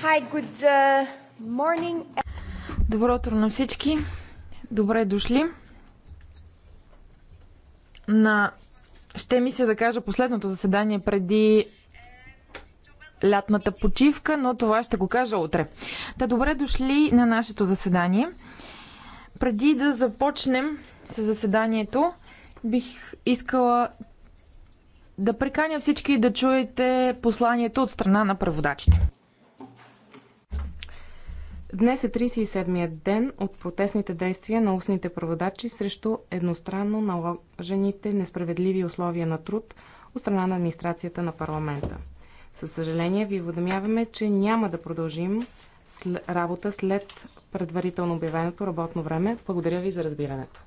Hi, good uh, morning. Добро утро на всички. Добре дошли. На... Ще ми се да кажа последното заседание преди лятната почивка, но това ще го кажа утре. Та добре дошли на нашето заседание. Преди да започнем с заседанието, бих искала да приканя всички да чуете посланието от страна на преводачите. Днес е 37-я ден от протестните действия на устните проводачи срещу едностранно наложените несправедливи условия на труд от страна на администрацията на парламента. Със съжаление ви уведомяваме, че няма да продължим работа след предварително обявеното работно време. Благодаря ви за разбирането.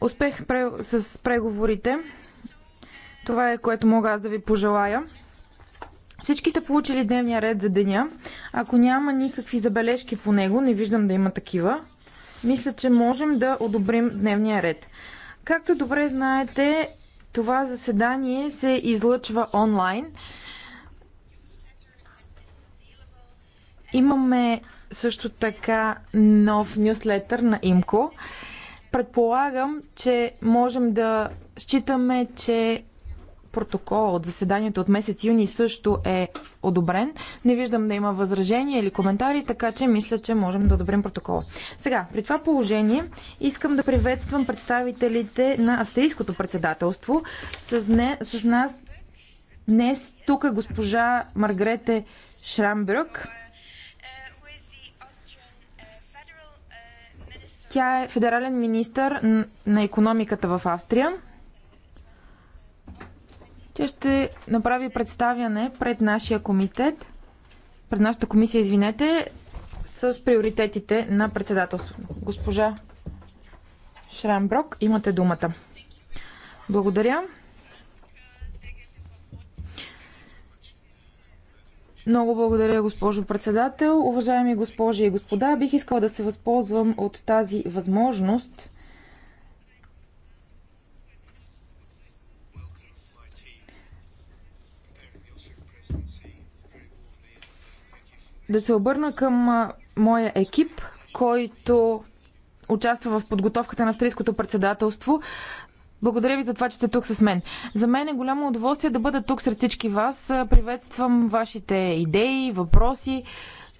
Успех с преговорите. Това е което мога аз да ви пожелая. Всички сте получили дневния ред за деня. Ако няма никакви забележки по него, не виждам да има такива, мисля, че можем да одобрим дневния ред. Както добре знаете, това заседание се излъчва онлайн. Имаме също така нов нюслетър на Имко. Предполагам, че можем да считаме, че протокол от заседанието от месец юни също е одобрен. Не виждам да има възражения или коментари, така че мисля, че можем да одобрим протокола. Сега, при това положение искам да приветствам представителите на австрийското председателство. С, не, с нас днес тук е госпожа Маргрете Шрамбрюк. Тя е федерален министър на економиката в Австрия. Тя ще направи представяне пред нашия комитет, пред нашата комисия, извинете, с приоритетите на председателството. Госпожа Шрамброк, имате думата. Благодаря. Много благодаря, госпожо председател. Уважаеми госпожи и господа, бих искала да се възползвам от тази възможност да се обърна към моя екип, който участва в подготовката на австрийското председателство. Благодаря ви за това, че сте тук с мен. За мен е голямо удоволствие да бъда тук сред всички вас. Приветствам вашите идеи, въпроси.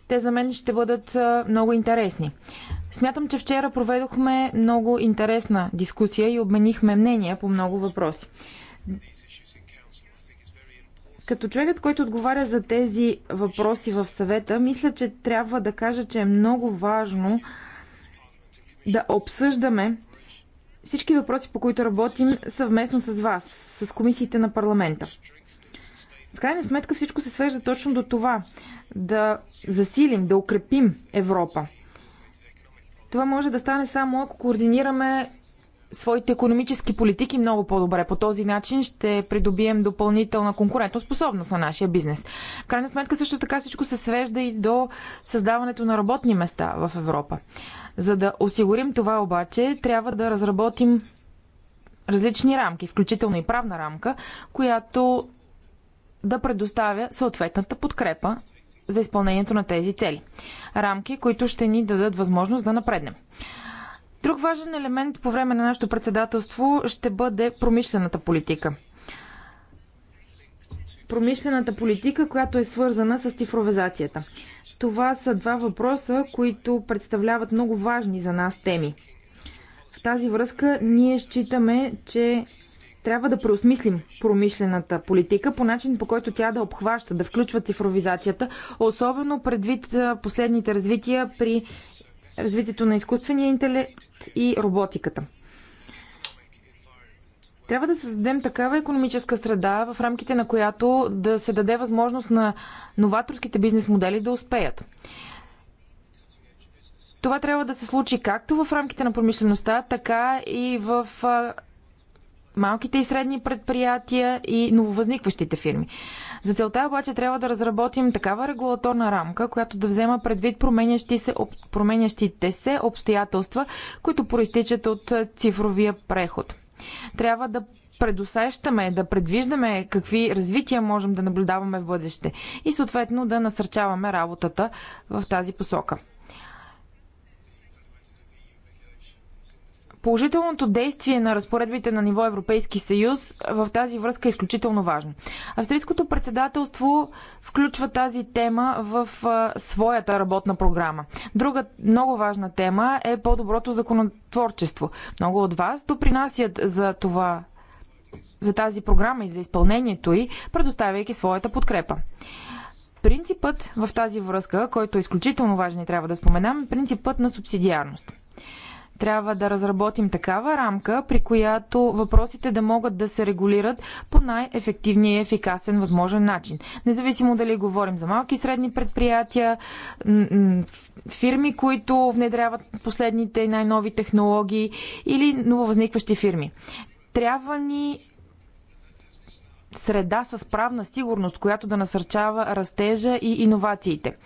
Те за мен ще бъдат много интересни. Смятам, че вчера проведохме много интересна дискусия и обменихме мнения по много въпроси. Като човекът, който отговаря за тези въпроси в съвета, мисля, че трябва да кажа, че е много важно да обсъждаме всички въпроси, по които работим съвместно с вас, с комисиите на парламента. В крайна сметка всичко се свежда точно до това да засилим, да укрепим Европа. Това може да стане само ако координираме своите економически политики много по-добре. По този начин ще придобием допълнителна конкурентоспособност на нашия бизнес. В крайна сметка също така всичко се свежда и до създаването на работни места в Европа. За да осигурим това обаче, трябва да разработим различни рамки, включително и правна рамка, която да предоставя съответната подкрепа за изпълнението на тези цели. Рамки, които ще ни дадат възможност да напреднем. Друг важен елемент по време на нашето председателство ще бъде промишлената политика. Промишлената политика, която е свързана с цифровизацията. Това са два въпроса, които представляват много важни за нас теми. В тази връзка ние считаме, че трябва да преосмислим промишлената политика по начин, по който тя да обхваща, да включва цифровизацията, особено предвид последните развития при развитието на изкуствения интелект и роботиката. Трябва да създадем такава економическа среда, в рамките на която да се даде възможност на новаторските бизнес модели да успеят. Това трябва да се случи както в рамките на промишлеността, така и в малките и средни предприятия и нововъзникващите фирми. За целта обаче трябва да разработим такава регулаторна рамка, която да взема предвид променящи се, променящите се обстоятелства, които проистичат от цифровия преход. Трябва да предусещаме, да предвиждаме какви развития можем да наблюдаваме в бъдеще и съответно да насърчаваме работата в тази посока. Положителното действие на разпоредбите на ниво Европейски съюз в тази връзка е изключително важно. Австрийското председателство включва тази тема в своята работна програма. Друга много важна тема е по-доброто законотворчество. Много от вас допринасят за това за тази програма и за изпълнението й, предоставяйки своята подкрепа. Принципът в тази връзка, който е изключително важен и трябва да споменам, е принципът на субсидиарност. Трябва да разработим такава рамка, при която въпросите да могат да се регулират по най-ефективния и ефикасен възможен начин. Независимо дали говорим за малки и средни предприятия, фирми, които внедряват последните и най-нови технологии или нововъзникващи фирми. Трябва ни среда с правна сигурност, която да насърчава растежа и иновациите.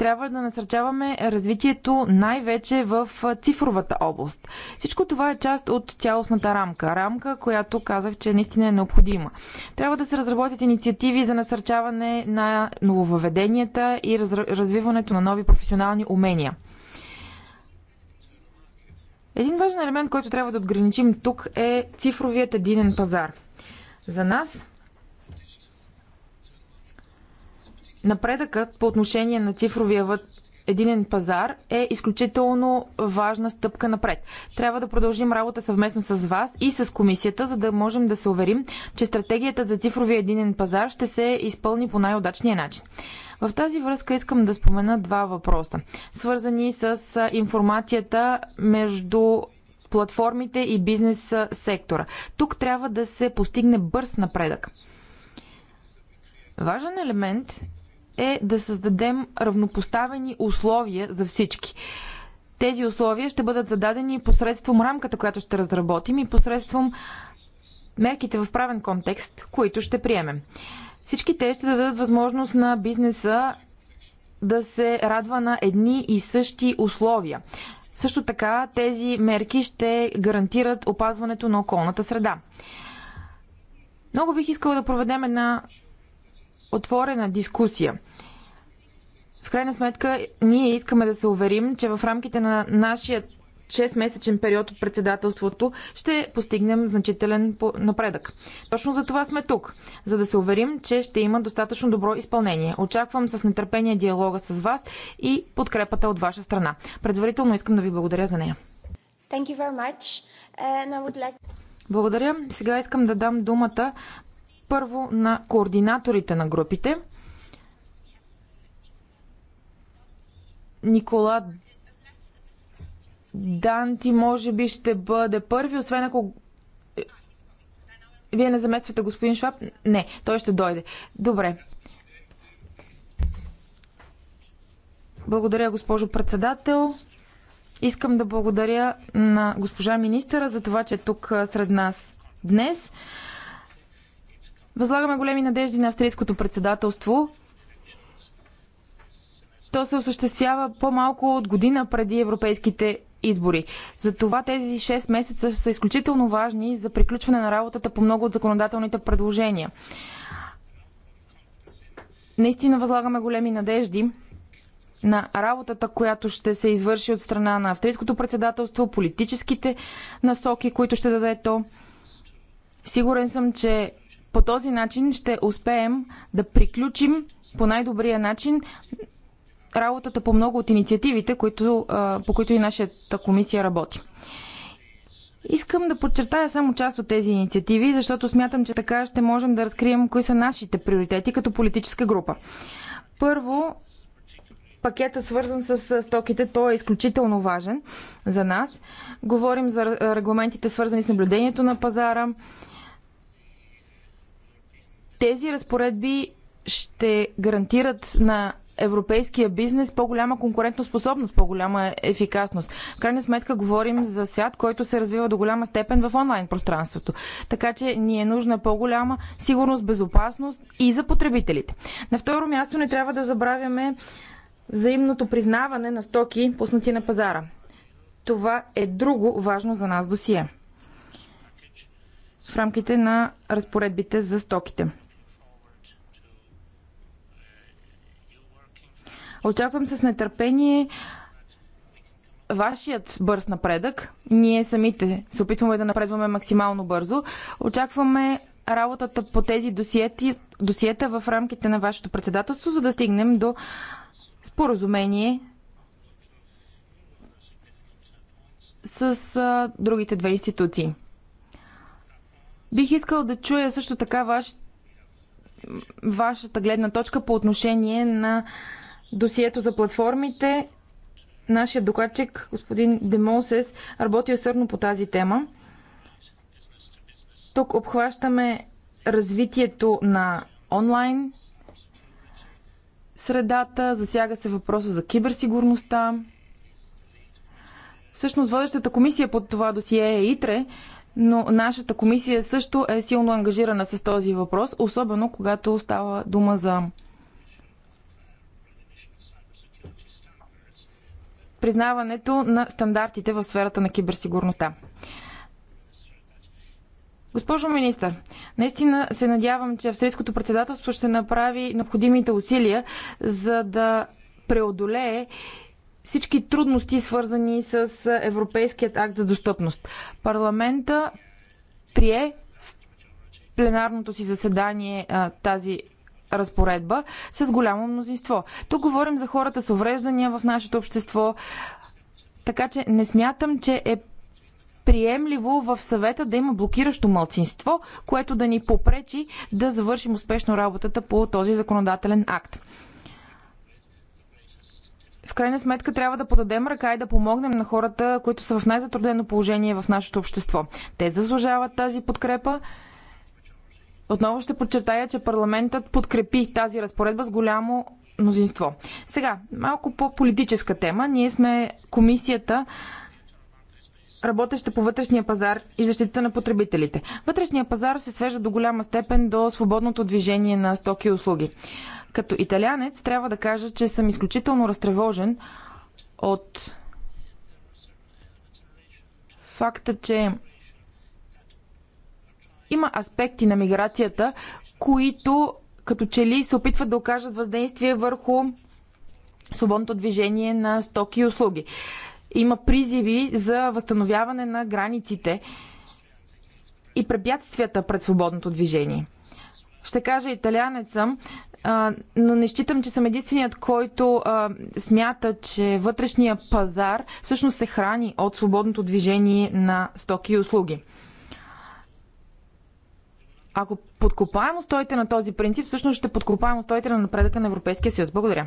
Трябва да насърчаваме развитието най-вече в цифровата област. Всичко това е част от цялостната рамка. Рамка, която казах, че наистина е необходима. Трябва да се разработят инициативи за насърчаване на нововъведенията и развиването на нови професионални умения. Един важен елемент, който трябва да отграничим тук е цифровият единен пазар. За нас Напредъкът по отношение на цифровия единен пазар е изключително важна стъпка напред. Трябва да продължим работа съвместно с вас и с комисията, за да можем да се уверим, че стратегията за цифровия единен пазар ще се изпълни по най-удачния начин. В тази връзка искам да спомена два въпроса, свързани с информацията между платформите и бизнес сектора. Тук трябва да се постигне бърз напредък. Важен елемент е да създадем равнопоставени условия за всички. Тези условия ще бъдат зададени посредством рамката, която ще разработим и посредством мерките в правен контекст, които ще приемем. Всички те ще дадат възможност на бизнеса да се радва на едни и същи условия. Също така тези мерки ще гарантират опазването на околната среда. Много бих искала да проведем една отворена дискусия. В крайна сметка, ние искаме да се уверим, че в рамките на нашия 6-месечен период от председателството ще постигнем значителен напредък. Точно за това сме тук, за да се уверим, че ще има достатъчно добро изпълнение. Очаквам с нетърпение диалога с вас и подкрепата от ваша страна. Предварително искам да ви благодаря за нея. Thank you very much. And I would like... Благодаря. Сега искам да дам думата първо на координаторите на групите. Никола Данти може би ще бъде първи, освен ако вие не замествате господин Шваб? Не, той ще дойде. Добре. Благодаря, госпожо председател. Искам да благодаря на госпожа министъра за това, че е тук сред нас днес. Възлагаме големи надежди на австрийското председателство. То се осъществява по-малко от година преди европейските избори. Затова тези 6 месеца са изключително важни за приключване на работата по много от законодателните предложения. Наистина възлагаме големи надежди на работата, която ще се извърши от страна на австрийското председателство, политическите насоки, които ще даде то. Сигурен съм, че по този начин ще успеем да приключим по най-добрия начин работата по много от инициативите, които, по които и нашата комисия работи. Искам да подчертая само част от тези инициативи, защото смятам, че така ще можем да разкрием кои са нашите приоритети като политическа група. Първо, пакета свързан с стоките, той е изключително важен за нас. Говорим за регламентите свързани с наблюдението на пазара, тези разпоредби ще гарантират на европейския бизнес по-голяма способност, по-голяма ефикасност. В крайна сметка говорим за свят, който се развива до голяма степен в онлайн пространството. Така че ни е нужна по-голяма сигурност, безопасност и за потребителите. На второ място не трябва да забравяме взаимното признаване на стоки, пуснати на пазара. Това е друго важно за нас досие в рамките на разпоредбите за стоките. Очаквам с нетърпение вашият бърз напредък. Ние самите се опитваме да напредваме максимално бързо. Очакваме работата по тези досиети, досиета в рамките на вашето председателство, за да стигнем до споразумение с а, другите две институции. Бих искал да чуя също така ваш, вашата гледна точка по отношение на досието за платформите. нашият докладчик, господин Демонсес, работи усърдно по тази тема. Тук обхващаме развитието на онлайн средата, засяга се въпроса за киберсигурността. Всъщност водещата комисия под това досие е ИТРЕ, но нашата комисия също е силно ангажирана с този въпрос, особено когато става дума за признаването на стандартите в сферата на киберсигурността. Госпожо министър, наистина се надявам, че австрийското председателство ще направи необходимите усилия, за да преодолее всички трудности, свързани с Европейският акт за достъпност. Парламента прие в пленарното си заседание тази разпоредба с голямо мнозинство. Тук говорим за хората с увреждания в нашето общество, така че не смятам, че е приемливо в съвета да има блокиращо мълцинство, което да ни попречи да завършим успешно работата по този законодателен акт. В крайна сметка трябва да подадем ръка и да помогнем на хората, които са в най затрудено положение в нашето общество. Те заслужават тази подкрепа отново ще подчертая, че парламентът подкрепи тази разпоредба с голямо мнозинство. Сега, малко по-политическа тема. Ние сме комисията, работеща по вътрешния пазар и защита на потребителите. Вътрешния пазар се свежда до голяма степен до свободното движение на стоки и услуги. Като италянец трябва да кажа, че съм изключително разтревожен от факта, че има аспекти на миграцията, които като че ли се опитват да окажат въздействие върху свободното движение на стоки и услуги. Има призиви за възстановяване на границите и препятствията пред свободното движение. Ще кажа, италянец съм, но не считам, че съм единственият, който смята, че вътрешния пазар всъщност се храни от свободното движение на стоки и услуги. Ако подкопаем устоите на този принцип, всъщност ще подкопаем устоите на напредъка на Европейския съюз. Благодаря.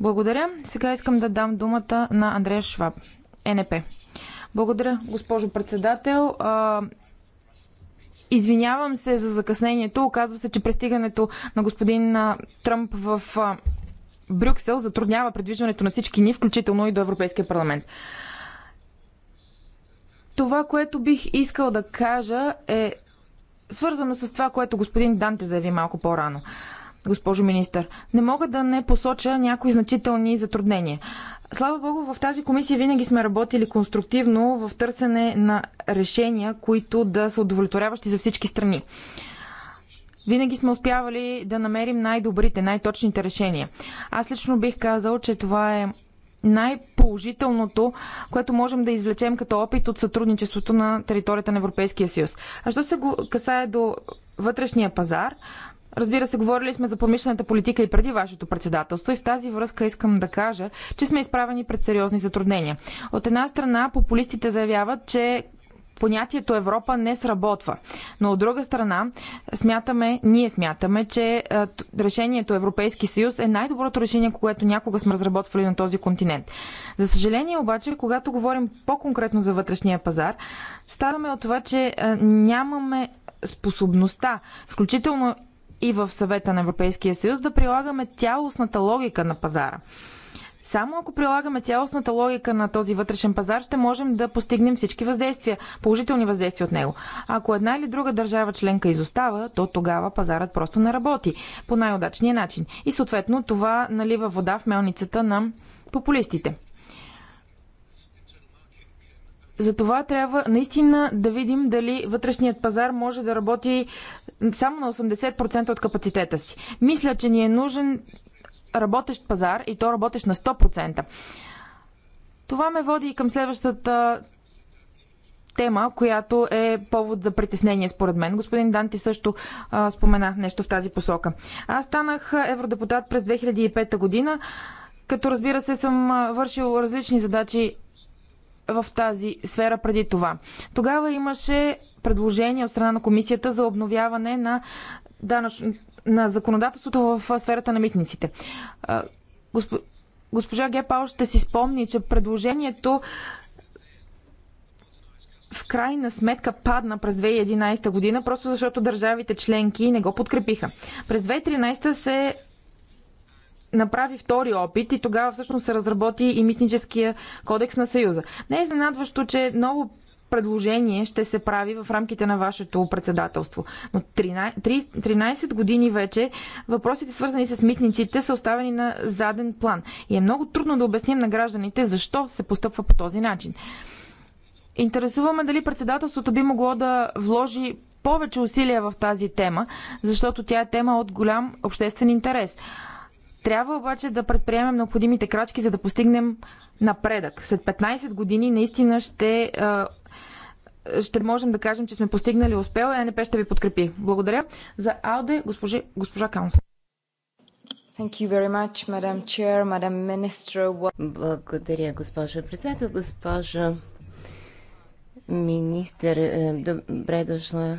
Благодаря. Сега искам да дам думата на Андрея Шваб, НП. Благодаря, госпожо председател. Извинявам се за закъснението. Оказва се, че пристигането на господин Тръмп в Брюксел затруднява предвижването на всички ни, включително и до Европейския парламент. Това, което бих искал да кажа е свързано с това, което господин Данте заяви малко по-рано. Госпожо министър, не мога да не посоча някои значителни затруднения. Слава Богу, в тази комисия винаги сме работили конструктивно в търсене на решения, които да са удовлетворяващи за всички страни. Винаги сме успявали да намерим най-добрите, най-точните решения. Аз лично бих казал, че това е най-положителното, което можем да извлечем като опит от сътрудничеството на територията на Европейския съюз. А що се го касае до вътрешния пазар, Разбира се, говорили сме за промишлената политика и преди вашето председателство и в тази връзка искам да кажа, че сме изправени пред сериозни затруднения. От една страна, популистите заявяват, че понятието Европа не сработва. Но от друга страна, смятаме, ние смятаме, че е, решението Европейски съюз е най-доброто решение, което някога сме разработвали на този континент. За съжаление обаче, когато говорим по-конкретно за вътрешния пазар, ставаме от това, че е, нямаме способността, включително и в съвета на Европейския съюз, да прилагаме тялостната логика на пазара. Само ако прилагаме цялостната логика на този вътрешен пазар, ще можем да постигнем всички въздействия, положителни въздействия от него. Ако една или друга държава членка изостава, то тогава пазарът просто не работи по най-удачния начин. И съответно това налива вода в мелницата на популистите. Затова трябва наистина да видим дали вътрешният пазар може да работи само на 80% от капацитета си. Мисля, че ни е нужен работещ пазар и то работещ на 100%. Това ме води и към следващата тема, която е повод за притеснение според мен. Господин Данти също а, спомена нещо в тази посока. Аз станах евродепутат през 2005 година, като разбира се съм вършил различни задачи в тази сфера преди това. Тогава имаше предложение от страна на комисията за обновяване на данъчно на законодателството в сферата на митниците. Госпожа Гепал ще си спомни, че предложението в крайна сметка падна през 2011 година, просто защото държавите членки не го подкрепиха. През 2013 се направи втори опит и тогава всъщност се разработи и митническия кодекс на Съюза. Не е изненадващо, че много предложение ще се прави в рамките на вашето председателство. Но 13, 13 години вече въпросите, свързани с митниците, са оставени на заден план. И е много трудно да обясним на гражданите защо се постъпва по този начин. Интересуваме дали председателството би могло да вложи повече усилия в тази тема, защото тя е тема от голям обществен интерес. Трябва обаче да предприемем необходимите крачки, за да постигнем напредък. След 15 години наистина ще ще можем да кажем, че сме постигнали успел и НП ще ви подкрепи. Благодаря. За Алде, госпожи, госпожа Каунс. Much, Madam Chair, Madam Minister... Благодаря, госпожо председател, госпожа министър. Е, добре дошла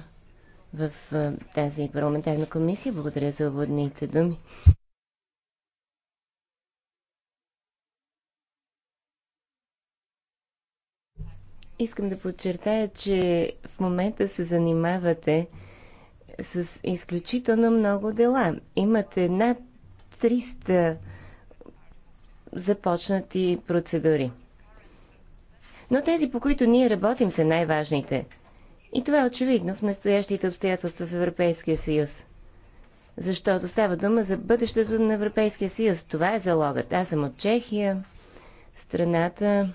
в е, тази парламентарна комисия. Благодаря за уводните думи. Искам да подчертая, че в момента се занимавате с изключително много дела. Имате над 300 започнати процедури. Но тези, по които ние работим, са най-важните. И това е очевидно в настоящите обстоятелства в Европейския съюз. Защото става дума за бъдещето на Европейския съюз. Това е залогът. Аз съм от Чехия, страната,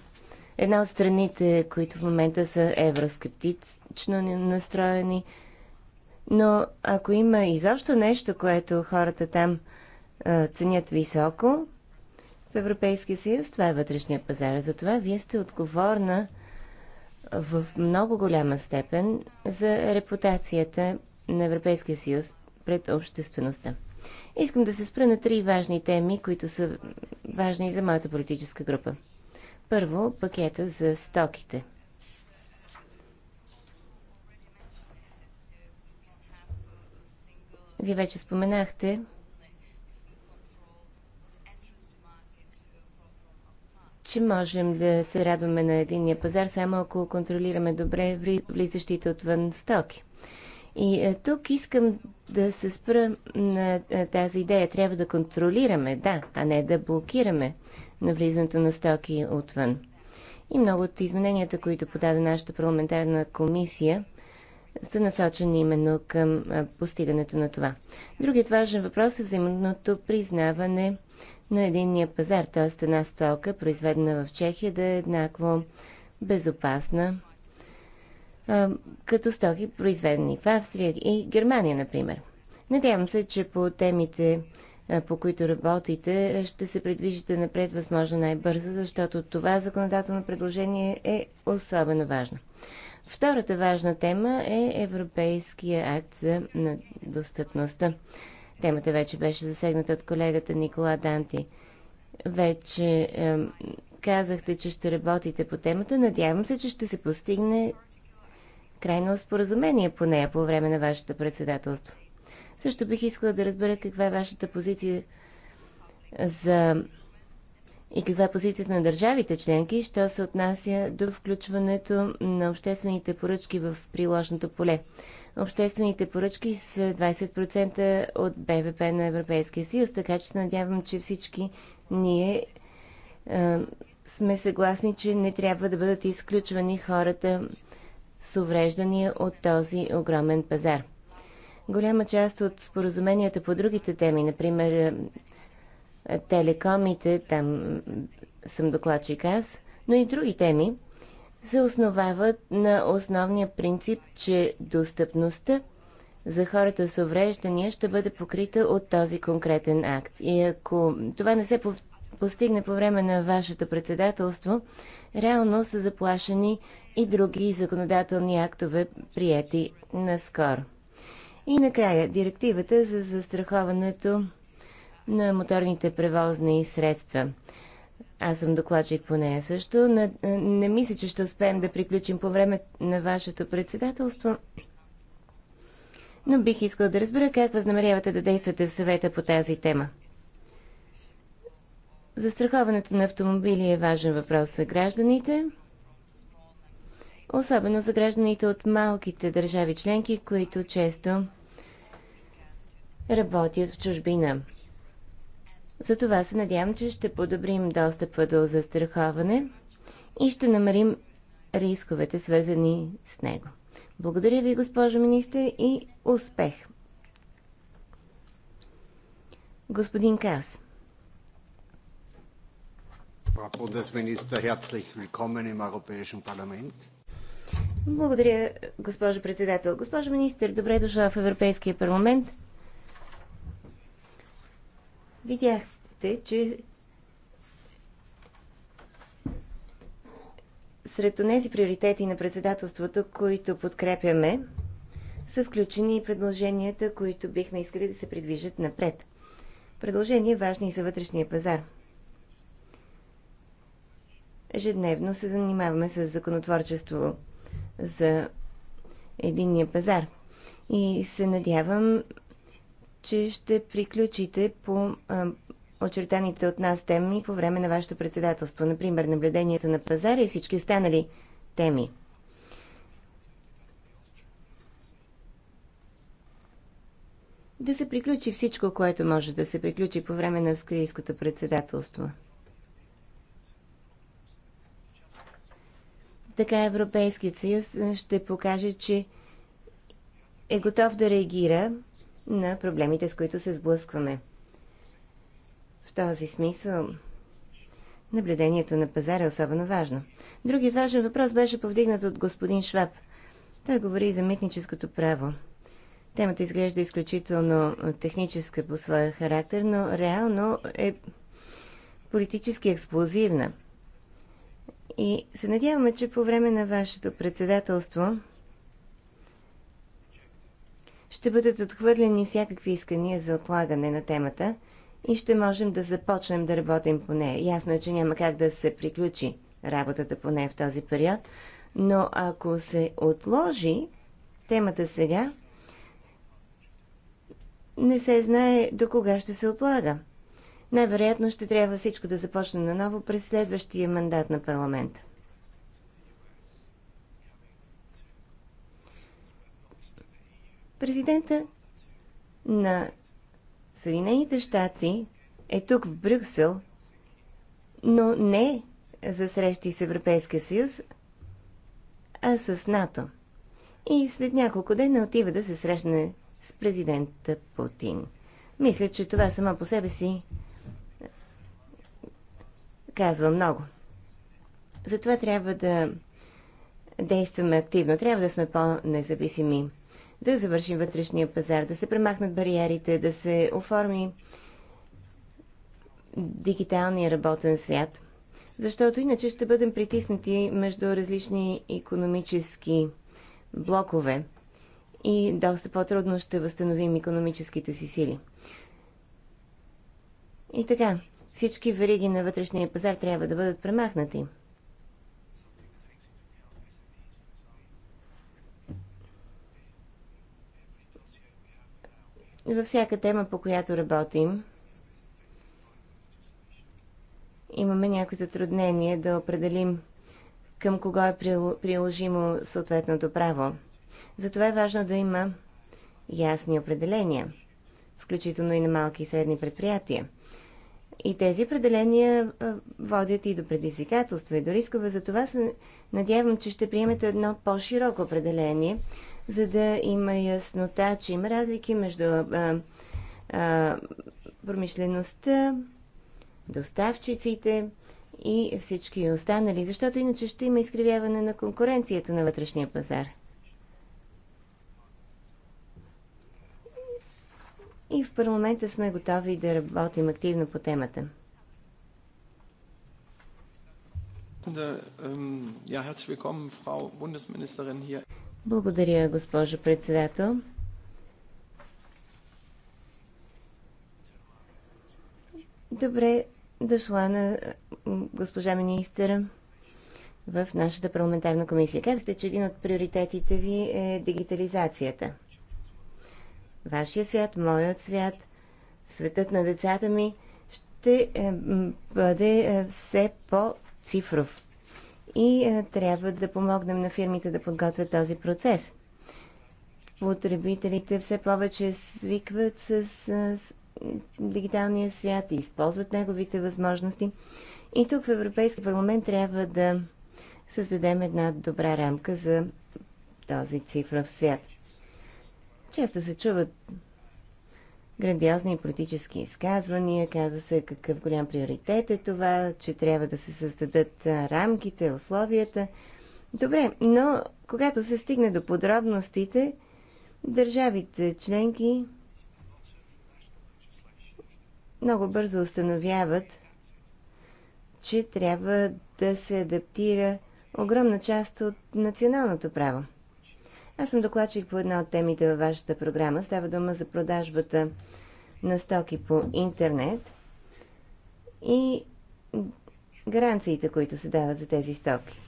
една от страните, които в момента са евроскептично настроени. Но ако има изобщо нещо, което хората там а, ценят високо в Европейския съюз, това е вътрешния пазар. Затова вие сте отговорна в много голяма степен за репутацията на Европейския съюз пред обществеността. Искам да се спра на три важни теми, които са важни за моята политическа група. Първо, пакета за стоките. Вие вече споменахте, че можем да се радваме на единния пазар, само ако контролираме добре влизащите отвън стоки. И е, тук искам да се спра на е, тази идея. Трябва да контролираме, да, а не да блокираме на влизането на стоки отвън. И много от измененията, които подаде нашата парламентарна комисия, са насочени именно към постигането на това. Другият важен въпрос е взаимното признаване на единния пазар, т.е. една стока, произведена в Чехия, да е еднакво безопасна, като стоки, произведени в Австрия и Германия, например. Надявам се, че по темите е, по които работите, е, ще се придвижите напред възможно най-бързо, защото това законодателно предложение е особено важно. Втората важна тема е Европейския акт за достъпността. Темата вече беше засегната от колегата Никола Данти. Вече е, казахте, че ще работите по темата. Надявам се, че ще се постигне крайно споразумение по нея по време на вашето председателство. Също бих искала да разбера каква е вашата позиция за и каква е позицията на държавите членки, що се отнася до включването на обществените поръчки в приложното поле. Обществените поръчки са 20% от БВП на Европейския съюз, така че се надявам, че всички ние е, сме съгласни, че не трябва да бъдат изключвани хората с увреждания от този огромен пазар голяма част от споразуменията по другите теми, например е, е, телекомите, там съм докладчик аз, но и други теми, се основават на основния принцип, че достъпността за хората с увреждания ще бъде покрита от този конкретен акт. И ако това не се постигне по време на вашето председателство, реално са заплашени и други законодателни актове, приети наскоро. И накрая, директивата за застраховането на моторните превозни средства. Аз съм докладчик по нея също. Не, не мисля, че ще успеем да приключим по време на вашето председателство, но бих искал да разбера как възнамерявате да действате в съвета по тази тема. Застраховането на автомобили е важен въпрос за гражданите особено за гражданите от малките държави членки, които често работят в чужбина. За това се надявам, че ще подобрим достъпа до застраховане и ще намерим рисковете, свързани с него. Благодаря ви, госпожо министр, и успех! Господин Кас. Frau Bundesminister, herzlich willkommen im Europäischen Parlament. Благодаря, госпожо председател. Госпожо министр, добре дошла в Европейския парламент. Видяхте, че сред тези приоритети на председателството, които подкрепяме, са включени и предложенията, които бихме искали да се придвижат напред. Предложения важни и за вътрешния пазар. Ежедневно се занимаваме с законотворчество за единния пазар. И се надявам, че ще приключите по а, очертаните от нас теми по време на вашето председателство, например наблюдението на пазара и всички останали теми. Да се приключи всичко, което може да се приключи по време на австрийското председателство. Така Европейският съюз е, ще покаже, че е готов да реагира на проблемите, с които се сблъскваме. В този смисъл наблюдението на пазара е особено важно. Другият важен въпрос беше повдигнат от господин Шваб. Той говори за митническото право. Темата изглежда изключително техническа по своя характер, но реално е политически експлозивна – и се надяваме, че по време на вашето председателство ще бъдат отхвърлени всякакви искания за отлагане на темата и ще можем да започнем да работим по нея. Ясно е, че няма как да се приключи работата по нея в този период, но ако се отложи темата сега, не се знае до кога ще се отлага най-вероятно ще трябва всичко да започне наново през следващия мандат на парламента. Президента на Съединените щати е тук в Брюксел, но не за срещи с Европейския съюз, а с НАТО. И след няколко дена отива да се срещне с президента Путин. Мисля, че това само по себе си казва много. Затова трябва да действаме активно, трябва да сме по-независими, да завършим вътрешния пазар, да се премахнат бариерите, да се оформи дигиталния работен свят, защото иначе ще бъдем притиснати между различни економически блокове и доста по-трудно ще възстановим економическите си сили. И така, всички вериги на вътрешния пазар трябва да бъдат премахнати. Във всяка тема, по която работим, имаме някои затруднения да определим към кого е приложимо съответното право. Затова е важно да има ясни определения, включително и на малки и средни предприятия. И тези определения водят и до предизвикателства, и до рискове. Затова се надявам, че ще приемете едно по-широко определение, за да има яснота, че има разлики между а, а, промишлеността, доставчиците и всички останали, защото иначе ще има изкривяване на конкуренцията на вътрешния пазар. и в парламента сме готови да работим активно по темата. Благодаря, госпожо председател. Добре дошла на госпожа министъра в нашата парламентарна комисия. Казахте, че един от приоритетите ви е дигитализацията вашия свят, моят свят, светът на децата ми ще е, бъде е, все по-цифров. И е, трябва да помогнем на фирмите да подготвят този процес. Потребителите все повече свикват с, с дигиталния свят и използват неговите възможности. И тук в Европейски парламент трябва да създадем една добра рамка за този цифров свят. Често се чуват грандиозни политически изказвания, казва се какъв голям приоритет е това, че трябва да се създадат рамките, условията. Добре, но когато се стигне до подробностите, държавите членки много бързо установяват, че трябва да се адаптира огромна част от националното право. Аз съм докладчик по една от темите във вашата програма. Става дума за продажбата на стоки по интернет и гаранциите, които се дават за тези стоки.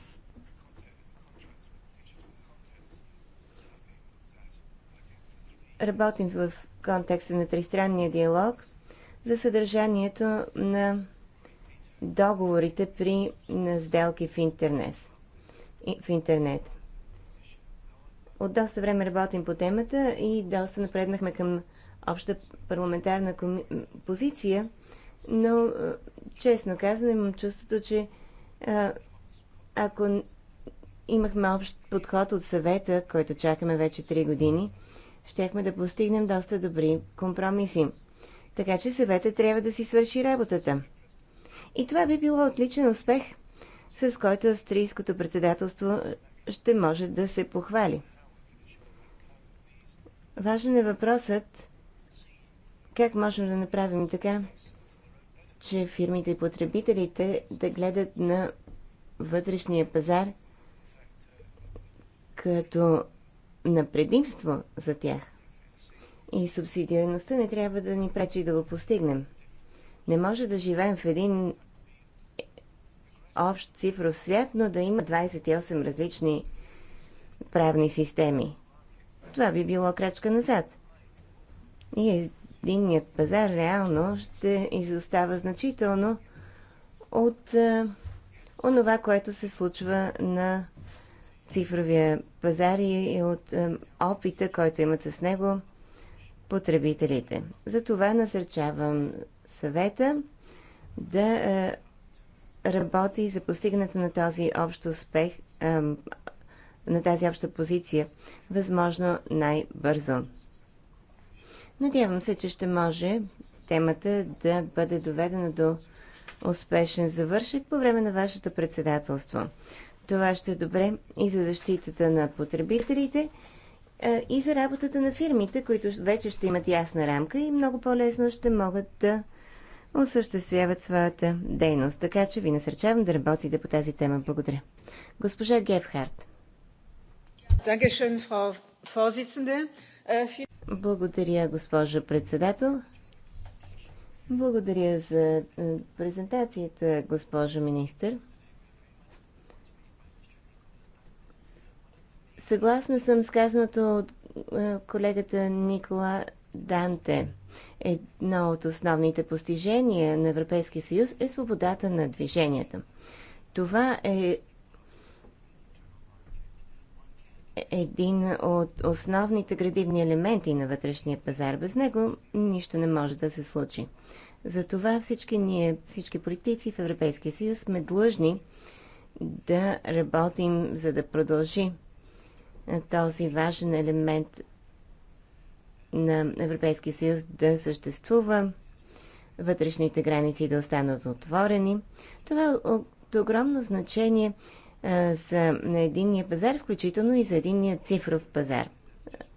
Работим в контекста на тристранния диалог за съдържанието на договорите при на сделки в интернет. В интернет. От доста време работим по темата и доста напреднахме към обща парламентарна коми... позиция, но честно казано имам чувството, че ако имахме общ подход от съвета, който чакаме вече 3 години, щехме да постигнем доста добри компромиси. Така че съвета трябва да си свърши работата. И това би било отличен успех, с който австрийското председателство ще може да се похвали. Важен е въпросът как можем да направим така, че фирмите и потребителите да гледат на вътрешния пазар като на предимство за тях. И субсидиарността не трябва да ни пречи да го постигнем. Не може да живеем в един общ цифров свят, но да има 28 различни правни системи това би било крачка назад. И единният пазар реално ще изостава значително от а, е, онова, което се случва на цифровия пазар и от а, е, опита, който имат с него потребителите. Затова насърчавам съвета да а, е, работи за постигането на този общ успех, а, на тази обща позиция, възможно най-бързо. Надявам се, че ще може темата да бъде доведена до успешен завършек по време на вашето председателство. Това ще е добре и за защитата на потребителите, и за работата на фирмите, които вече ще имат ясна рамка и много по-лесно ще могат да осъществяват своята дейност. Така че ви насърчавам да работите по тази тема. Благодаря. Госпожа Гефхарт. Äh, Благодаря, госпожа председател. Благодаря за е, презентацията, госпожа министър. Съгласна съм с казаното от е, колегата Никола Данте. Едно от основните постижения на Европейския съюз е свободата на движението. Това е един от основните градивни елементи на вътрешния пазар. Без него нищо не може да се случи. Затова всички ние, всички политици в Европейския съюз сме длъжни да работим, за да продължи този важен елемент на Европейския съюз да съществува, вътрешните граници да останат отворени. Това е от огромно значение е, за единния пазар, включително и за единния цифров пазар,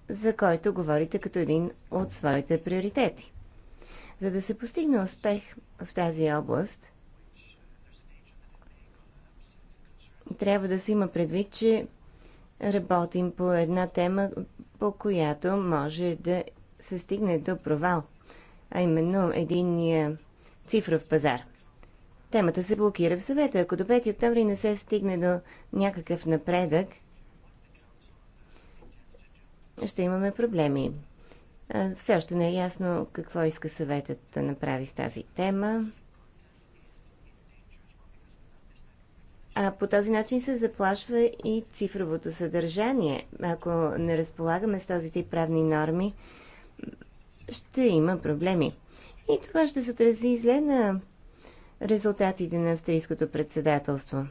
за който говорите като един от своите приоритети. За да се постигне успех в тази област, трябва да се има предвид, че работим по една тема, по която може да се стигне до провал, а именно единния цифров пазар темата се блокира в съвета. Ако до 5 октомври не се стигне до някакъв напредък, ще имаме проблеми. Все още не е ясно какво иска съветът да направи с тази тема. А по този начин се заплашва и цифровото съдържание. Ако не разполагаме с този тип правни норми, ще има проблеми. И това ще се отрази зле на резултатите на австрийското председателство.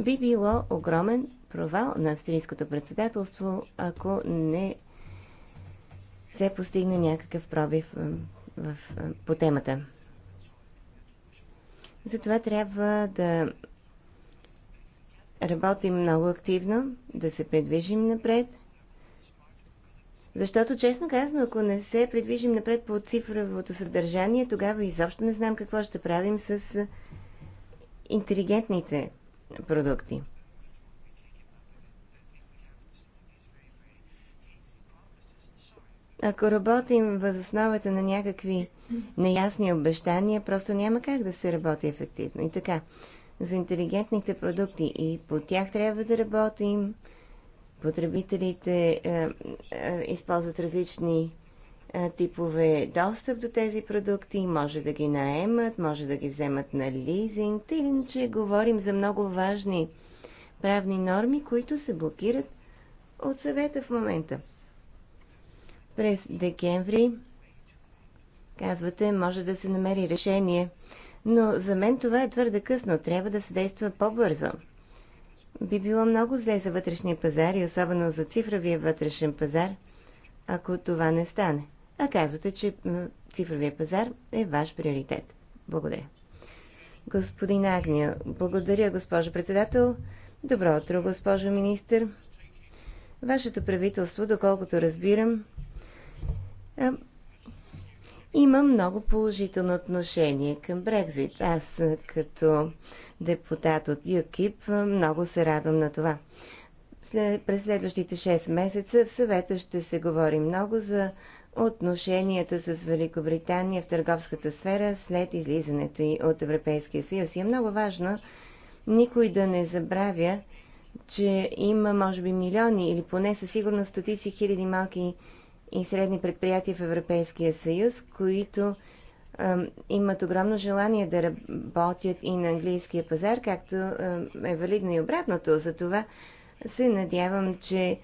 Би било огромен провал на австрийското председателство, ако не се постигне някакъв пробив в, в, по темата. Затова трябва да работим много активно, да се придвижим напред – защото, честно казано, ако не се придвижим напред по цифровото съдържание, тогава изобщо не знам какво ще правим с интелигентните продукти. Ако работим въз основата на някакви неясни обещания, просто няма как да се работи ефективно. И така, за интелигентните продукти и по тях трябва да работим Потребителите е, е, използват различни е, типове достъп до тези продукти, може да ги наемат, може да ги вземат на лизинг, или иначе говорим за много важни правни норми, които се блокират от съвета в момента. През декември, казвате, може да се намери решение, но за мен това е твърде късно, трябва да се действа по-бързо би било много зле за вътрешния пазар и особено за цифровия вътрешен пазар, ако това не стане. А казвате, че цифровия пазар е ваш приоритет. Благодаря. Господин Агния, благодаря, госпожо председател. Добро утро, госпожо министр. Вашето правителство, доколкото разбирам, има много положително отношение към Брекзит. Аз като депутат от ЮКИП много се радвам на това. След, през следващите 6 месеца в съвета ще се говори много за отношенията с Великобритания в търговската сфера след излизането и от Европейския съюз. И е много важно никой да не забравя, че има може би милиони или поне със сигурност стотици хиляди малки и средни предприятия в Европейския съюз, които имат огромно желание да работят и на английския пазар, както е валидно и обратното. това, се надявам, че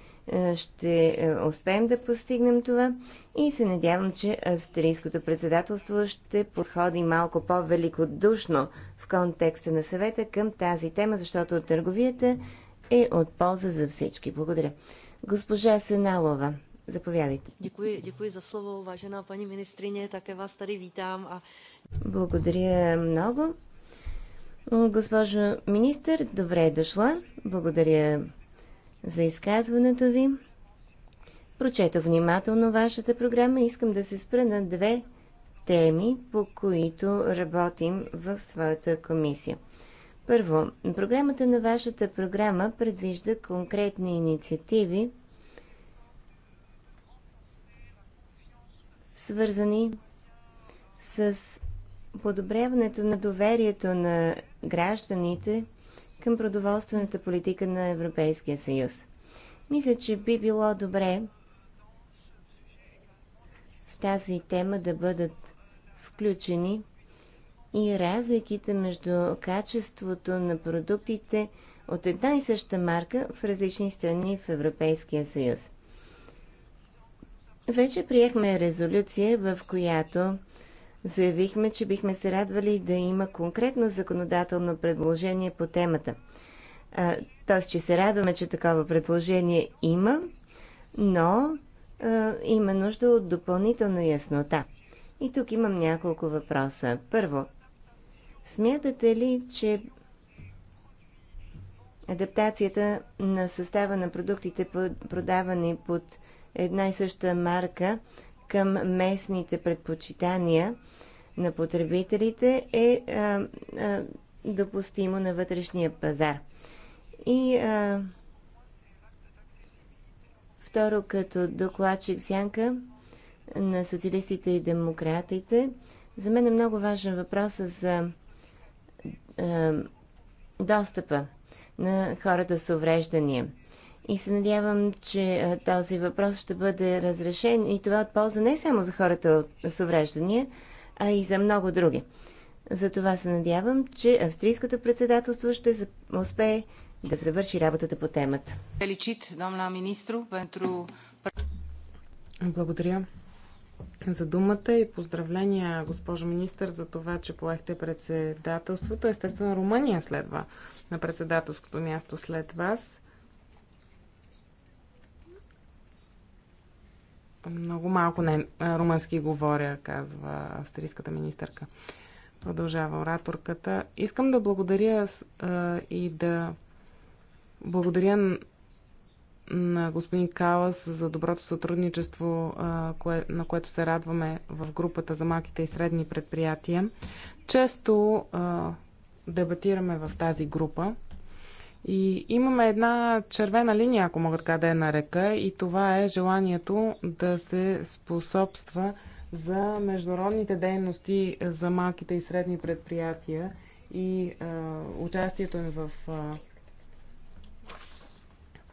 ще е, успеем да постигнем това и се надявам, че австрийското председателство ще подходи малко по-великодушно в контекста на съвета към тази тема, защото търговията е от полза за всички. Благодаря. Госпожа Сеналова. Заповядайте. Děkuji, děkuji за слово, vážená paní ministrině, také vás tady vítám. А... Благодаря много. Госпожо министър, добре е дошла. Благодаря за изказването ви. Прочето внимателно вашата програма. Искам да се спра на две теми, по които работим в своята комисия. Първо, програмата на вашата програма предвижда конкретни инициативи свързани с подобряването на доверието на гражданите към продоволствената политика на Европейския съюз. Мисля, че би било добре в тази тема да бъдат включени и разликите между качеството на продуктите от една и съща марка в различни страни в Европейския съюз. Вече приехме резолюция, в която заявихме, че бихме се радвали да има конкретно законодателно предложение по темата. Т.е. че се радваме, че такова предложение има, но а, има нужда от допълнителна яснота. И тук имам няколко въпроса. Първо, смятате ли, че адаптацията на състава на продуктите, продавани под една и съща марка към местните предпочитания на потребителите е а, а, допустимо на вътрешния пазар. И а, второ, като докладчик сянка на социалистите и демократите, за мен е много важен въпрос за а, достъпа на хората с увреждания – и се надявам, че този въпрос ще бъде разрешен и това от полза не само за хората с увреждания, а и за много други. Затова се надявам, че австрийското председателство ще успее да завърши работата по темата. Благодаря за думата и поздравления, госпожо министър, за това, че поехте председателството. Естествено, Румъния следва на председателското място след вас. Много малко не, румънски говоря, казва австрийската министърка. Продължава ораторката. Искам да благодаря а, и да благодаря на господин Калас за доброто сътрудничество, а, кое, на което се радваме в групата за малките и средни предприятия. Често а, дебатираме в тази група и имаме една червена линия, ако мога така да я нарека, и това е желанието да се способства за международните дейности за малките и средни предприятия и а, участието им в а,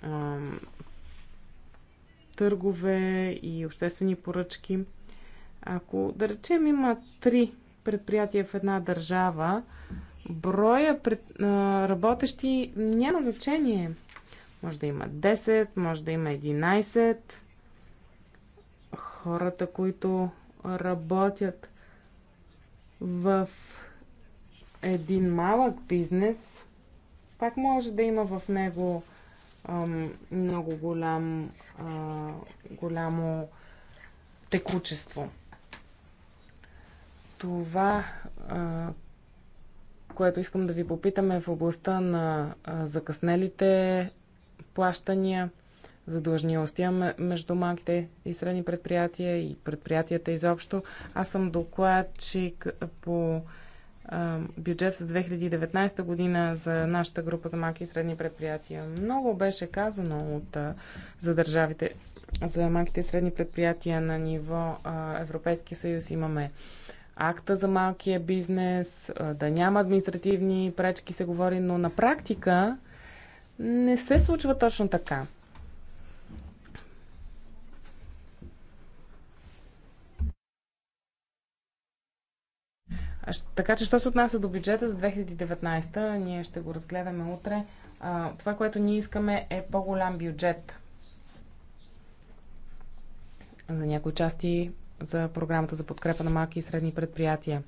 а, търгове и обществени поръчки. Ако, да речем, има три предприятия в една държава, броя пред, а, работещи няма значение. Може да има 10, може да има 11. Хората, които работят в един малък бизнес, пак може да има в него ам, много голям, а, голямо текучество. Това, а, което искам да ви попитам е в областта на закъснелите плащания, задлъжнилостия между малките и средни предприятия и предприятията изобщо. Аз съм докладчик по бюджет за 2019 година за нашата група за малки и средни предприятия. Много беше казано от, за държавите, за малките и средни предприятия на ниво Европейски съюз. Имаме акта за малкия бизнес, да няма административни пречки, се говори, но на практика не се случва точно така. Така че, що се отнася до бюджета за 2019, ние ще го разгледаме утре. А, това, което ние искаме е по-голям бюджет. За някои части за програмата за подкрепа на малки и средни предприятия.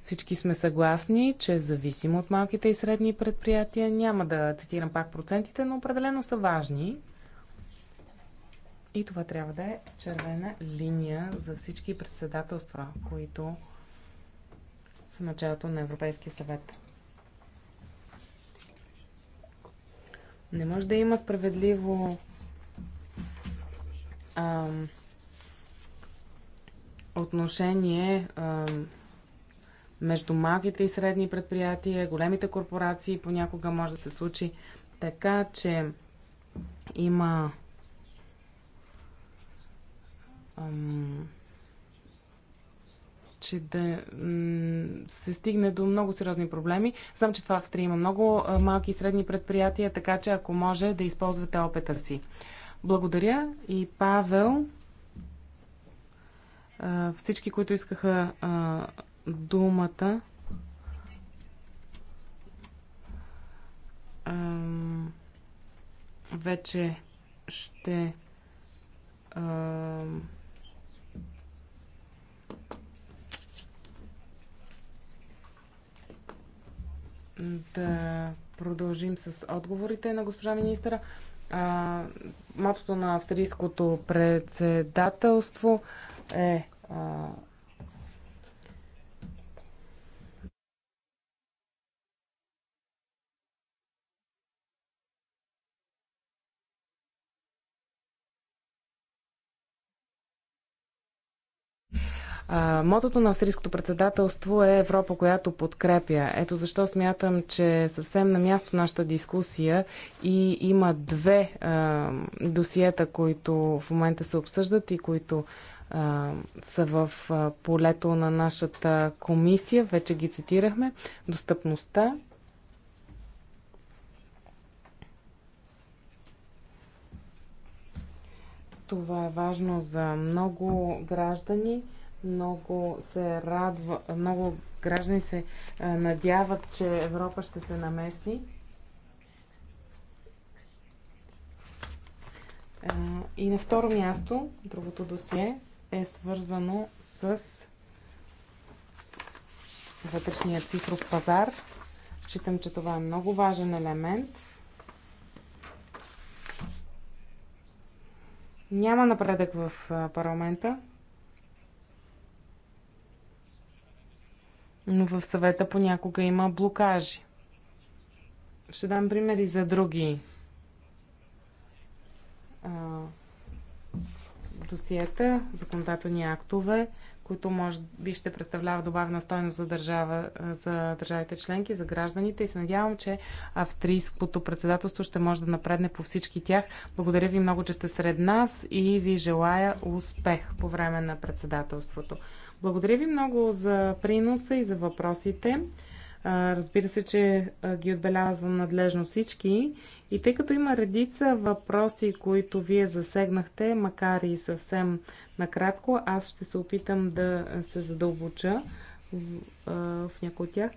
Всички сме съгласни, че зависимо от малките и средни предприятия, няма да цитирам пак процентите, но определено са важни. И това трябва да е червена линия за всички председателства, които са началото на Европейския съвет. Не може да има справедливо ам, отношение а, между малките и средни предприятия, големите корпорации понякога може да се случи така, че има ам, че да се стигне до много сериозни проблеми. Знам, че в Австрия има много малки и средни предприятия, така че ако може да използвате опита си. Благодаря и Павел всички, които искаха а, думата. А, вече ще а, да продължим с отговорите на госпожа министра. А, мотото на австрийското председателство е а, Мотото на австрийското председателство е Европа, която подкрепя. Ето защо смятам, че е съвсем на място нашата дискусия и има две а, досиета, които в момента се обсъждат и които са в полето на нашата комисия. Вече ги цитирахме. Достъпността. Това е важно за много граждани. Много се радва, много граждани се надяват, че Европа ще се намеси. И на второ място, другото досие, е свързано с вътрешния цифров пазар. Считам, че това е много важен елемент. Няма напредък в парламента, но в съвета понякога има блокажи. Ще дам примери за други досиета, законодателни актове, които може би ще представлява добавена стойност за, държава, за държавите членки, за гражданите и се надявам, че австрийското председателство ще може да напредне по всички тях. Благодаря ви много, че сте сред нас и ви желая успех по време на председателството. Благодаря ви много за приноса и за въпросите. Разбира се, че ги отбелязвам надлежно всички. И тъй като има редица въпроси, които вие засегнахте, макар и съвсем накратко, аз ще се опитам да се задълбоча в, в някои от тях.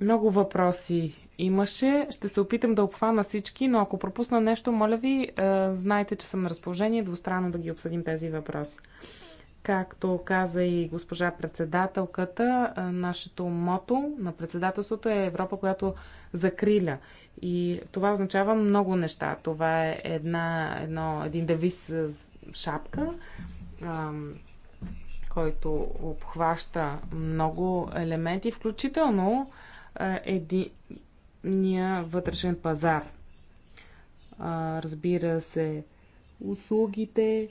Много въпроси имаше. Ще се опитам да обхвана всички, но ако пропусна нещо, моля ви, знайте, че съм на разположение двустранно да ги обсъдим тези въпроси. Както каза и госпожа председателката, нашето мото на председателството е Европа, която закриля. И това означава много неща. Това е една, едно, един девиз шапка, който обхваща много елементи, включително единия вътрешен пазар. разбира се, услугите,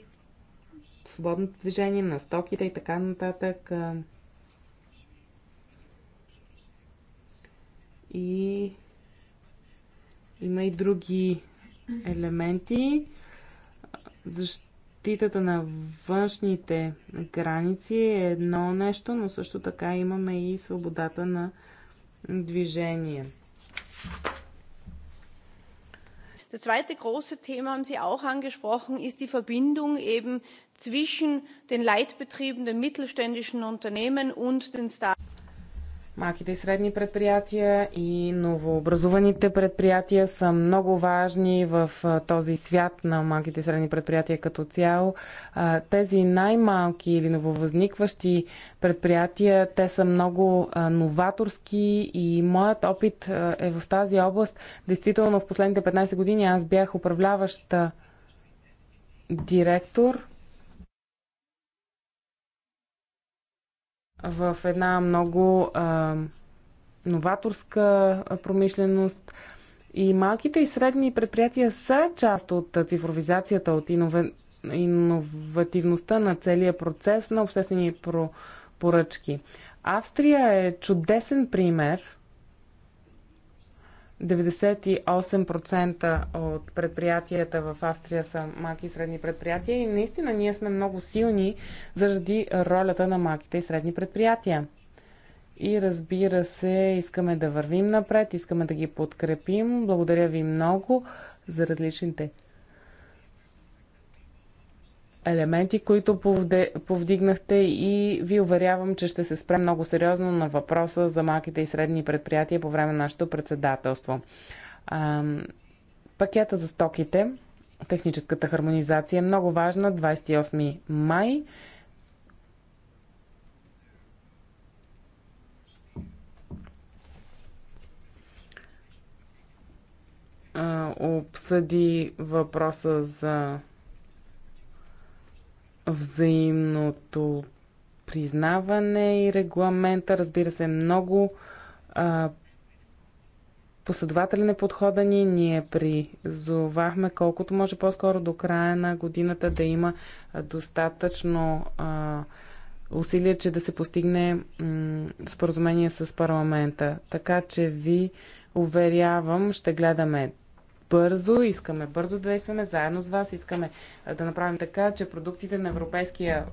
свободното движение на стоките и така нататък. И има и други елементи. Защитата на външните граници е едно нещо, но също така имаме и свободата на движение. Das zweite große Thema haben Sie auch angesprochen, ist die Verbindung eben zwischen den Leitbetrieben, den mittelständischen Unternehmen und den Start. Малките и средни предприятия и новообразуваните предприятия са много важни в този свят на малките и средни предприятия като цяло. Тези най-малки или нововъзникващи предприятия, те са много новаторски и моят опит е в тази област. Действително в последните 15 години аз бях управляваща директор – в една много а, новаторска промишленост. И малките и средни предприятия са част от цифровизацията, от иновативността на целия процес на обществени поръчки. Австрия е чудесен пример 98% от предприятията в Австрия са малки и средни предприятия и наистина ние сме много силни заради ролята на малките и средни предприятия. И разбира се, искаме да вървим напред, искаме да ги подкрепим. Благодаря ви много за различните елементи, които повдигнахте и ви уверявам, че ще се спре много сериозно на въпроса за малките и средни предприятия по време на нашето председателство. Пакета за стоките, техническата хармонизация е много важна. 28 май обсъди въпроса за взаимното признаване и регламента. Разбира се, много а, последователен е подхода ни. Ние призовахме колкото може по-скоро до края на годината да има достатъчно а, усилия, че да се постигне споразумение с парламента. Така че ви уверявам, ще гледаме бързо, искаме бързо да действаме заедно с вас, искаме да направим така, че продуктите на европейския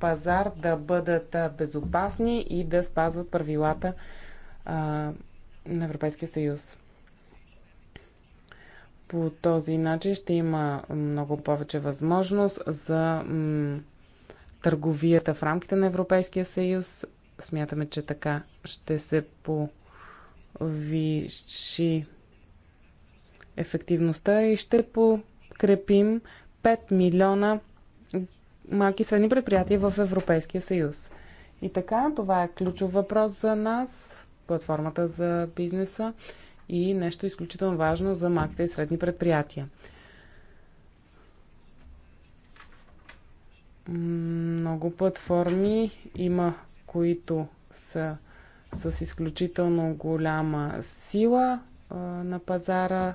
пазар да бъдат безопасни и да спазват правилата на Европейския съюз. По този начин ще има много повече възможност за търговията в рамките на Европейския съюз. Смятаме, че така ще се повиши ефективността и ще подкрепим 5 милиона малки и средни предприятия в Европейския съюз. И така, това е ключов въпрос за нас, платформата за бизнеса и нещо изключително важно за малките и средни предприятия. Много платформи има, които са с изключително голяма сила на пазара,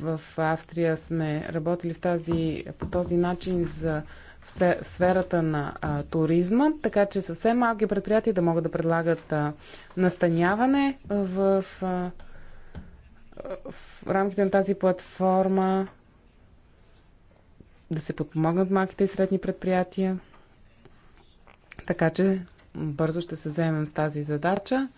в Австрия сме работили в тази, по този начин за в сферата на а, туризма, така че съвсем малки предприятия да могат да предлагат а, настаняване в, а, в рамките на тази платформа, да се подпомогнат малките и средни предприятия. Така че бързо ще се заемем с тази задача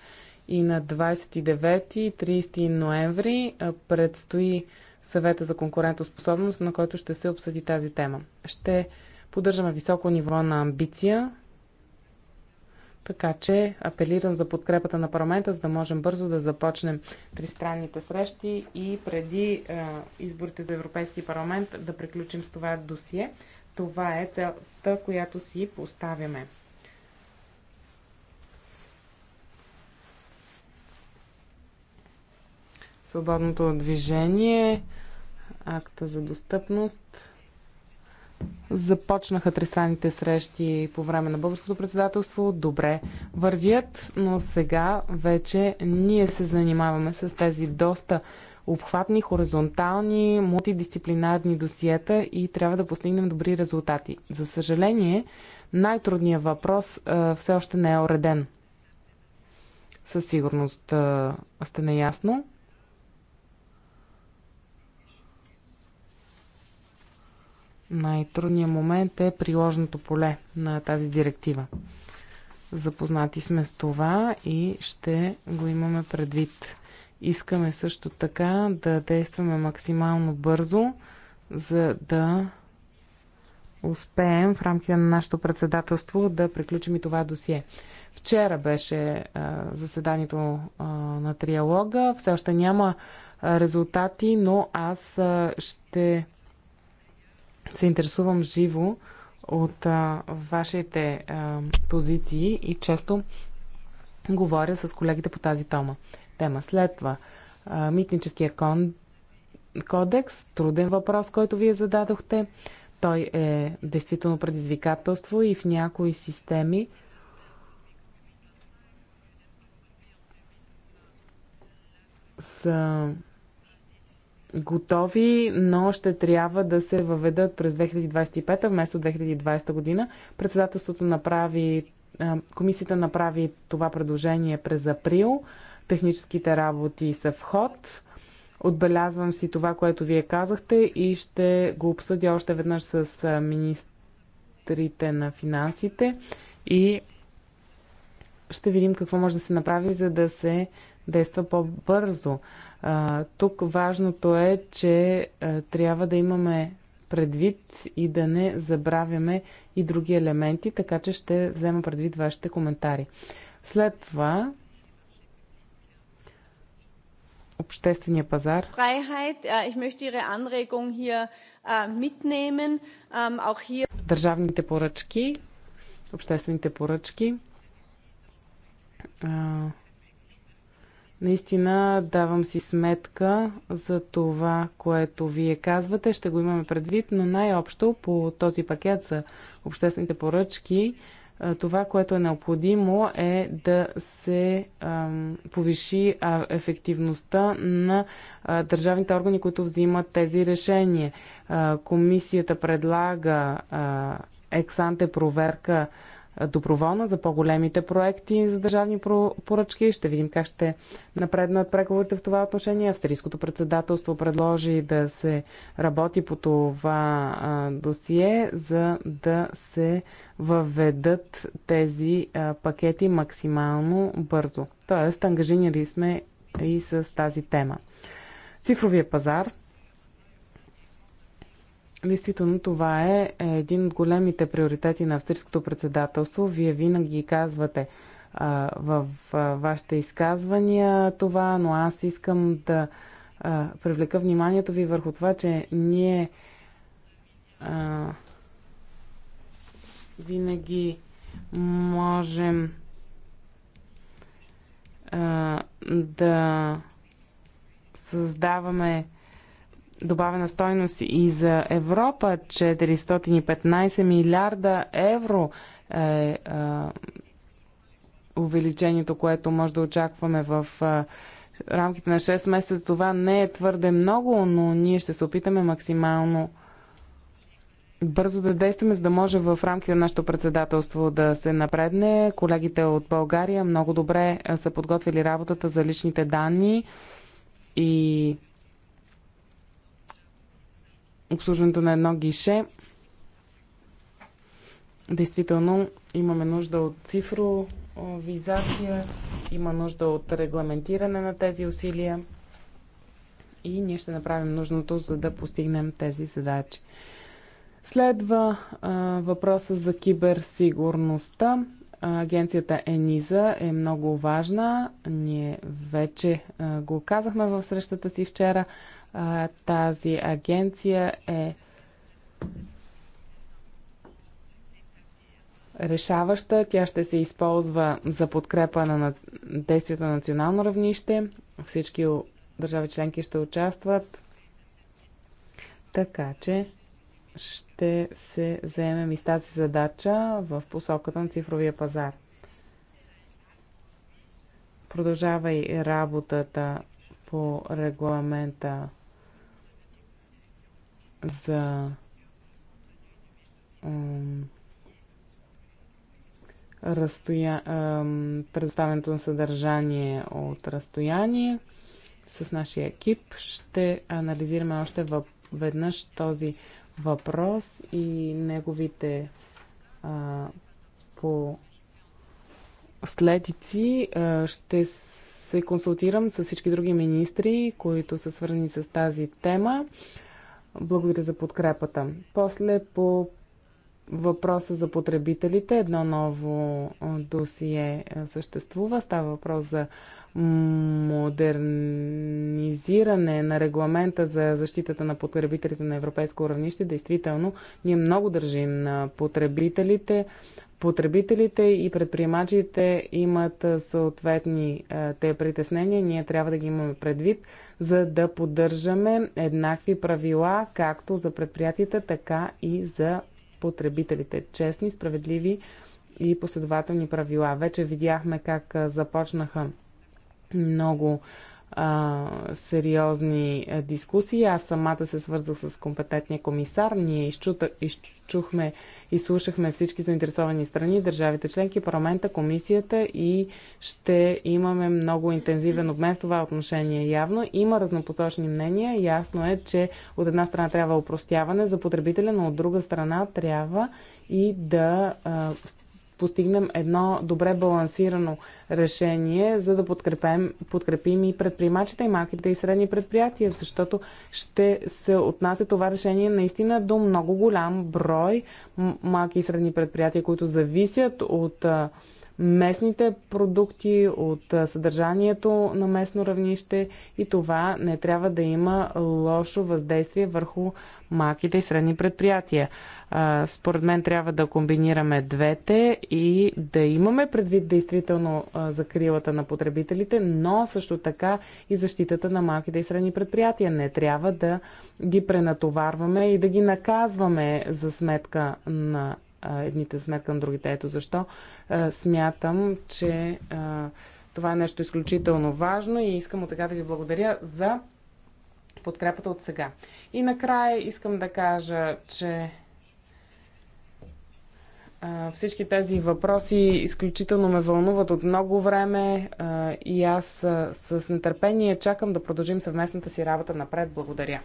и на 29 и 30 ноември предстои съвета за конкурентоспособност, на който ще се обсъди тази тема. Ще поддържаме високо ниво на амбиция, така че апелирам за подкрепата на парламента, за да можем бързо да започнем тристранните срещи и преди е, изборите за Европейски парламент да приключим с това досие. Това е целта, която си поставяме. свободното движение, акта за достъпност. Започнаха тристранните срещи по време на българското председателство. Добре вървят, но сега вече ние се занимаваме с тези доста обхватни, хоризонтални, мултидисциплинарни досиета и трябва да постигнем добри резултати. За съжаление, най-трудният въпрос а, все още не е уреден. Със сигурност а, сте наясно. Най-трудният момент е приложното поле на тази директива. Запознати сме с това и ще го имаме предвид. Искаме също така да действаме максимално бързо, за да успеем в рамките на нашето председателство да приключим и това досие. Вчера беше а, заседанието а, на триалога. Все още няма резултати, но аз ще се интересувам живо от а, вашите а, позиции и често говоря с колегите по тази тема. тема. Следва а, митническия кон, кодекс, труден въпрос, който вие зададохте. Той е действително предизвикателство и в някои системи са готови, но ще трябва да се въведат през 2025 вместо 2020 година. Председателството направи, комисията направи това предложение през април. Техническите работи са в ход. Отбелязвам си това, което вие казахте и ще го обсъдя още веднъж с министрите на финансите и ще видим какво може да се направи, за да се действа по-бързо. Тук важното е, че трябва да имаме предвид и да не забравяме и други елементи, така че ще взема предвид вашите коментари. След това обществения пазар. Държавните поръчки, обществените поръчки. Наистина давам си сметка за това, което вие казвате. Ще го имаме предвид, но най-общо по този пакет за обществените поръчки, това, което е необходимо е да се повиши а, ефективността на а, държавните органи, които взимат тези решения. А, комисията предлага ексанте проверка доброволна за по-големите проекти за държавни поръчки. Ще видим как ще напреднат преговорите в това отношение. Австрийското председателство предложи да се работи по това досие, за да се въведат тези пакети максимално бързо. Тоест, ангажирани сме и с тази тема. Цифровия пазар – Действително, това е един от големите приоритети на австрийското председателство. Вие винаги казвате а, в а, вашите изказвания това, но аз искам да а, привлека вниманието ви върху това, че ние а, винаги можем а, да създаваме добавена стойност и за Европа 415 милиарда евро е, е увеличението, което може да очакваме в е, рамките на 6 месеца. Това не е твърде много, но ние ще се опитаме максимално бързо да действаме, за да може в рамките на нашето председателство да се напредне. Колегите от България много добре е, са подготвили работата за личните данни и обслужването на едно гише. Действително имаме нужда от цифровизация, има нужда от регламентиране на тези усилия и ние ще направим нужното, за да постигнем тези задачи. Следва а, въпроса за киберсигурността. Агенцията ЕНИЗА е много важна. Ние вече а, го казахме в срещата си вчера. А, тази агенция е решаваща. Тя ще се използва за подкрепа на действията на национално равнище. Всички държави членки ще участват. Така че ще се заемем и с тази задача в посоката на цифровия пазар. Продължава и работата по регламента за разстоя... предоставянето на съдържание от разстояние. С нашия екип ще анализираме още въп... веднъж този въпрос и неговите а, по следици. А, ще се консултирам с всички други министри, които са свързани с тази тема. Благодаря за подкрепата. После по въпроса за потребителите. Едно ново досие съществува. Става въпрос за модернизиране на регламента за защитата на потребителите на европейско равнище. Действително, ние много държим на потребителите потребителите и предприемачите имат съответни те притеснения, ние трябва да ги имаме предвид, за да поддържаме еднакви правила, както за предприятията, така и за потребителите. Честни, справедливи и последователни правила. Вече видяхме как започнаха много а, сериозни а, дискусии. Аз самата се свързах с компетентния комисар. Ние изчута, изчухме и слушахме всички заинтересовани страни, държавите членки, парламента, комисията и ще имаме много интензивен обмен в това отношение явно. Има разнопосочни мнения. Ясно е, че от една страна трябва упростяване за потребителя, но от друга страна трябва и да а, постигнем едно добре балансирано решение, за да подкрепим, подкрепим и предприемачите, и малките и средни предприятия, защото ще се отнася това решение наистина до много голям брой малки и средни предприятия, които зависят от местните продукти, от съдържанието на местно равнище и това не трябва да има лошо въздействие върху малките и средни предприятия. Според мен трябва да комбинираме двете и да имаме предвид действително закрилата на потребителите, но също така и защитата на малките и средни предприятия. Не трябва да ги пренатоварваме и да ги наказваме за сметка на едните за сметка на другите. Ето защо смятам, че това е нещо изключително важно и искам от сега да ви благодаря за подкрепата от сега. И накрая искам да кажа, че всички тези въпроси изключително ме вълнуват от много време и аз с нетърпение чакам да продължим съвместната си работа напред. Благодаря.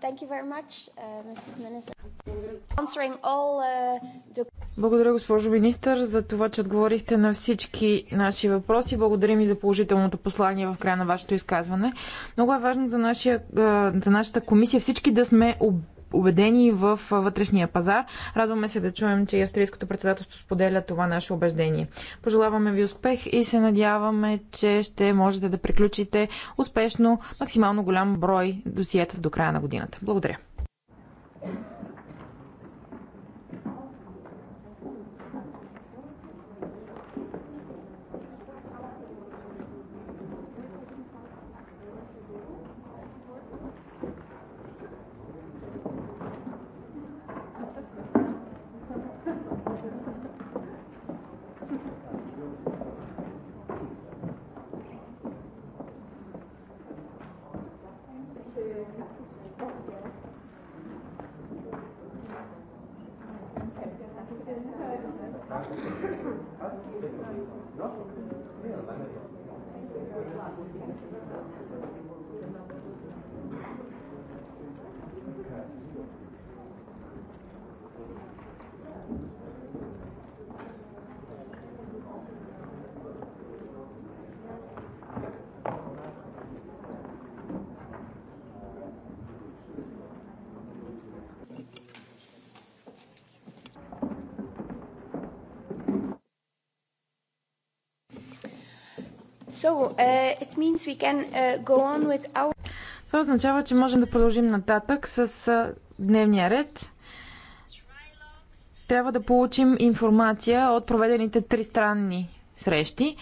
Thank you very much, uh, all, uh, the... Благодаря, госпожо министър, за това, че отговорихте на всички наши въпроси. Благодарим и за положителното послание в края на вашето изказване. Много е важно за, нашия, е, за нашата комисия всички да сме убедени в вътрешния пазар. Радваме се да чуем, че и австрийското председателство споделя това наше убеждение. Пожелаваме ви успех и се надяваме, че ще можете да приключите успешно максимално голям брой досиета до края на годината. Благодаря. Аз So, uh, it means we can uh, go on with our... Това означава, че можем да продължим нататък с uh, дневния ред. Трябва да получим информация от проведените тристранни срещи.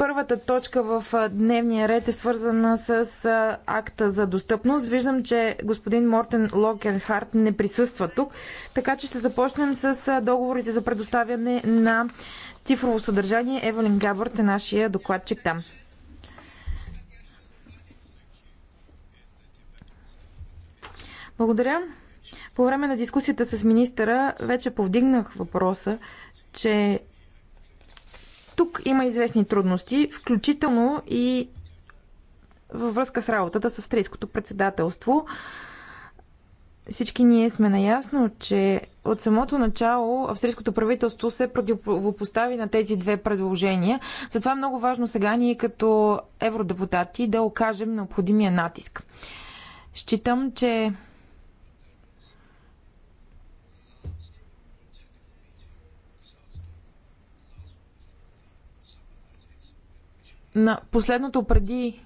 Първата точка в дневния ред е свързана с акта за достъпност. Виждам, че господин Мортен Локенхарт не присъства тук, така че ще започнем с договорите за предоставяне на цифрово съдържание. Евелин Габърт е нашия докладчик там. Благодаря. По време на дискусията с министъра вече повдигнах въпроса, че тук има известни трудности, включително и във връзка с работата с австрийското председателство. Всички ние сме наясно, че от самото начало австрийското правителство се противопостави на тези две предложения. Затова е много важно сега ние като евродепутати да окажем необходимия натиск. Считам, че на последното преди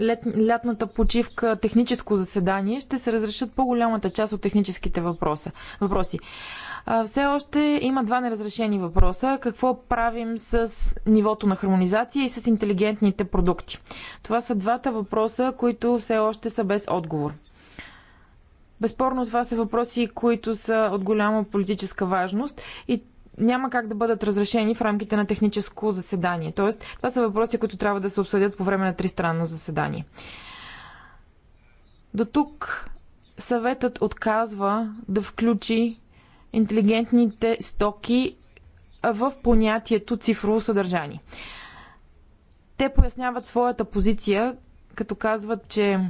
лет, лятната почивка техническо заседание ще се разрешат по-голямата част от техническите въпроса, въпроси. А, все още има два неразрешени въпроса. Какво правим с нивото на хармонизация и с интелигентните продукти? Това са двата въпроса, които все още са без отговор. Безспорно това са въпроси, които са от голяма политическа важност и няма как да бъдат разрешени в рамките на техническо заседание. Тоест, това са въпроси, които трябва да се обсъдят по време на тристранно заседание. До тук съветът отказва да включи интелигентните стоки в понятието цифрово съдържание. Те поясняват своята позиция, като казват, че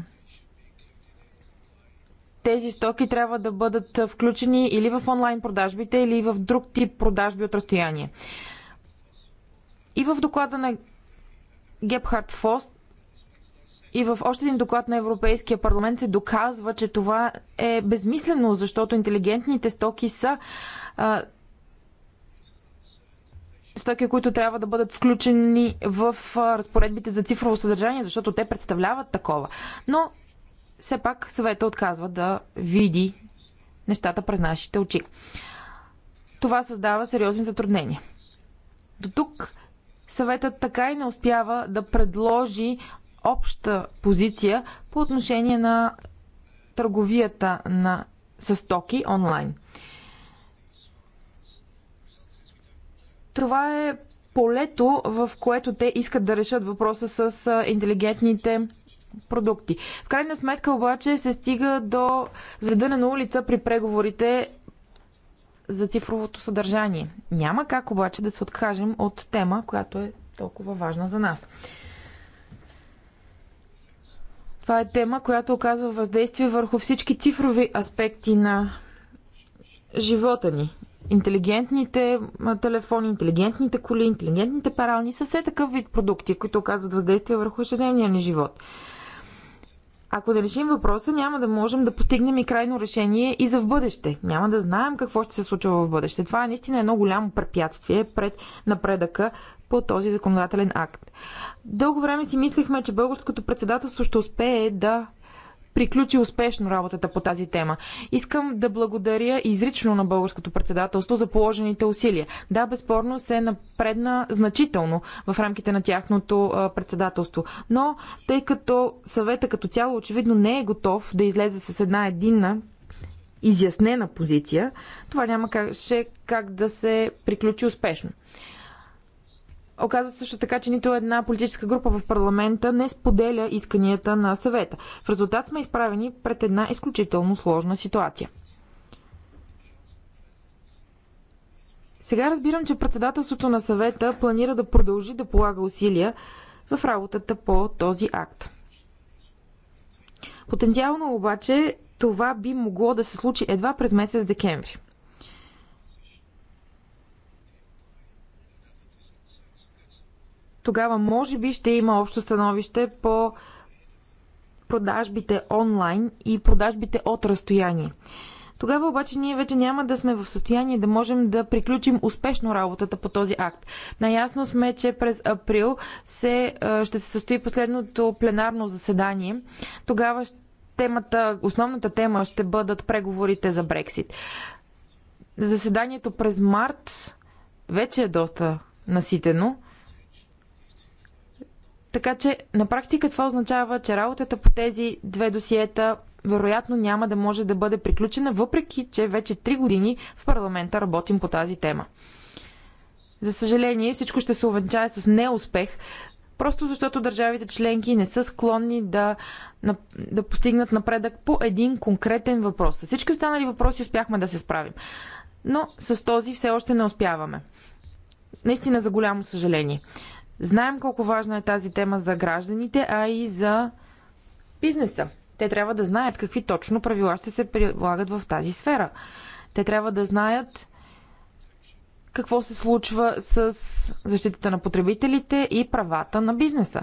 тези стоки трябва да бъдат включени или в онлайн продажбите, или в друг тип продажби от разстояние. И в доклада на Гепхард Фост и в още един доклад на Европейския парламент се доказва, че това е безмислено, защото интелигентните стоки са а, стоки, които трябва да бъдат включени в а, разпоредбите за цифрово съдържание, защото те представляват такова. Но все пак съвета отказва да види нещата през нашите очи. Това създава сериозни затруднения. До тук съветът така и не успява да предложи обща позиция по отношение на търговията на, с стоки онлайн. Това е полето, в което те искат да решат въпроса с интелигентните продукти. В крайна сметка обаче се стига до задънена улица при преговорите за цифровото съдържание. Няма как обаче да се откажем от тема, която е толкова важна за нас. Това е тема, която оказва въздействие върху всички цифрови аспекти на живота ни. Интелигентните телефони, интелигентните коли, интелигентните парални са все такъв вид продукти, които оказват въздействие върху ежедневния ни живот. Ако да решим въпроса, няма да можем да постигнем и крайно решение и за в бъдеще. Няма да знаем какво ще се случва в бъдеще. Това е наистина едно голямо препятствие пред напредъка по този законодателен акт. Дълго време си мислихме, че българското председателство ще успее да приключи успешно работата по тази тема. Искам да благодаря изрично на българското председателство за положените усилия. Да, безспорно се напредна значително в рамките на тяхното председателство. Но тъй като съвета като цяло очевидно не е готов да излезе с една единна изяснена позиция, това няма как, ще, как да се приключи успешно. Оказва се също така, че нито една политическа група в парламента не споделя исканията на съвета. В резултат сме изправени пред една изключително сложна ситуация. Сега разбирам, че председателството на съвета планира да продължи да полага усилия в работата по този акт. Потенциално обаче това би могло да се случи едва през месец декември. тогава може би ще има общо становище по продажбите онлайн и продажбите от разстояние. Тогава обаче ние вече няма да сме в състояние да можем да приключим успешно работата по този акт. Наясно сме, че през април се, ще се състои последното пленарно заседание. Тогава темата, основната тема ще бъдат преговорите за Брексит. Заседанието през март вече е доста наситено. Така че на практика това означава, че работата по тези две досиета вероятно няма да може да бъде приключена, въпреки че вече три години в парламента работим по тази тема. За съжаление, всичко ще се увенчае с неуспех, просто защото държавите членки не са склонни да, да постигнат напредък по един конкретен въпрос. С всички останали въпроси успяхме да се справим, но с този все още не успяваме. Наистина за голямо съжаление. Знаем колко важна е тази тема за гражданите, а и за бизнеса. Те трябва да знаят какви точно правила ще се прилагат в тази сфера. Те трябва да знаят какво се случва с защитата на потребителите и правата на бизнеса.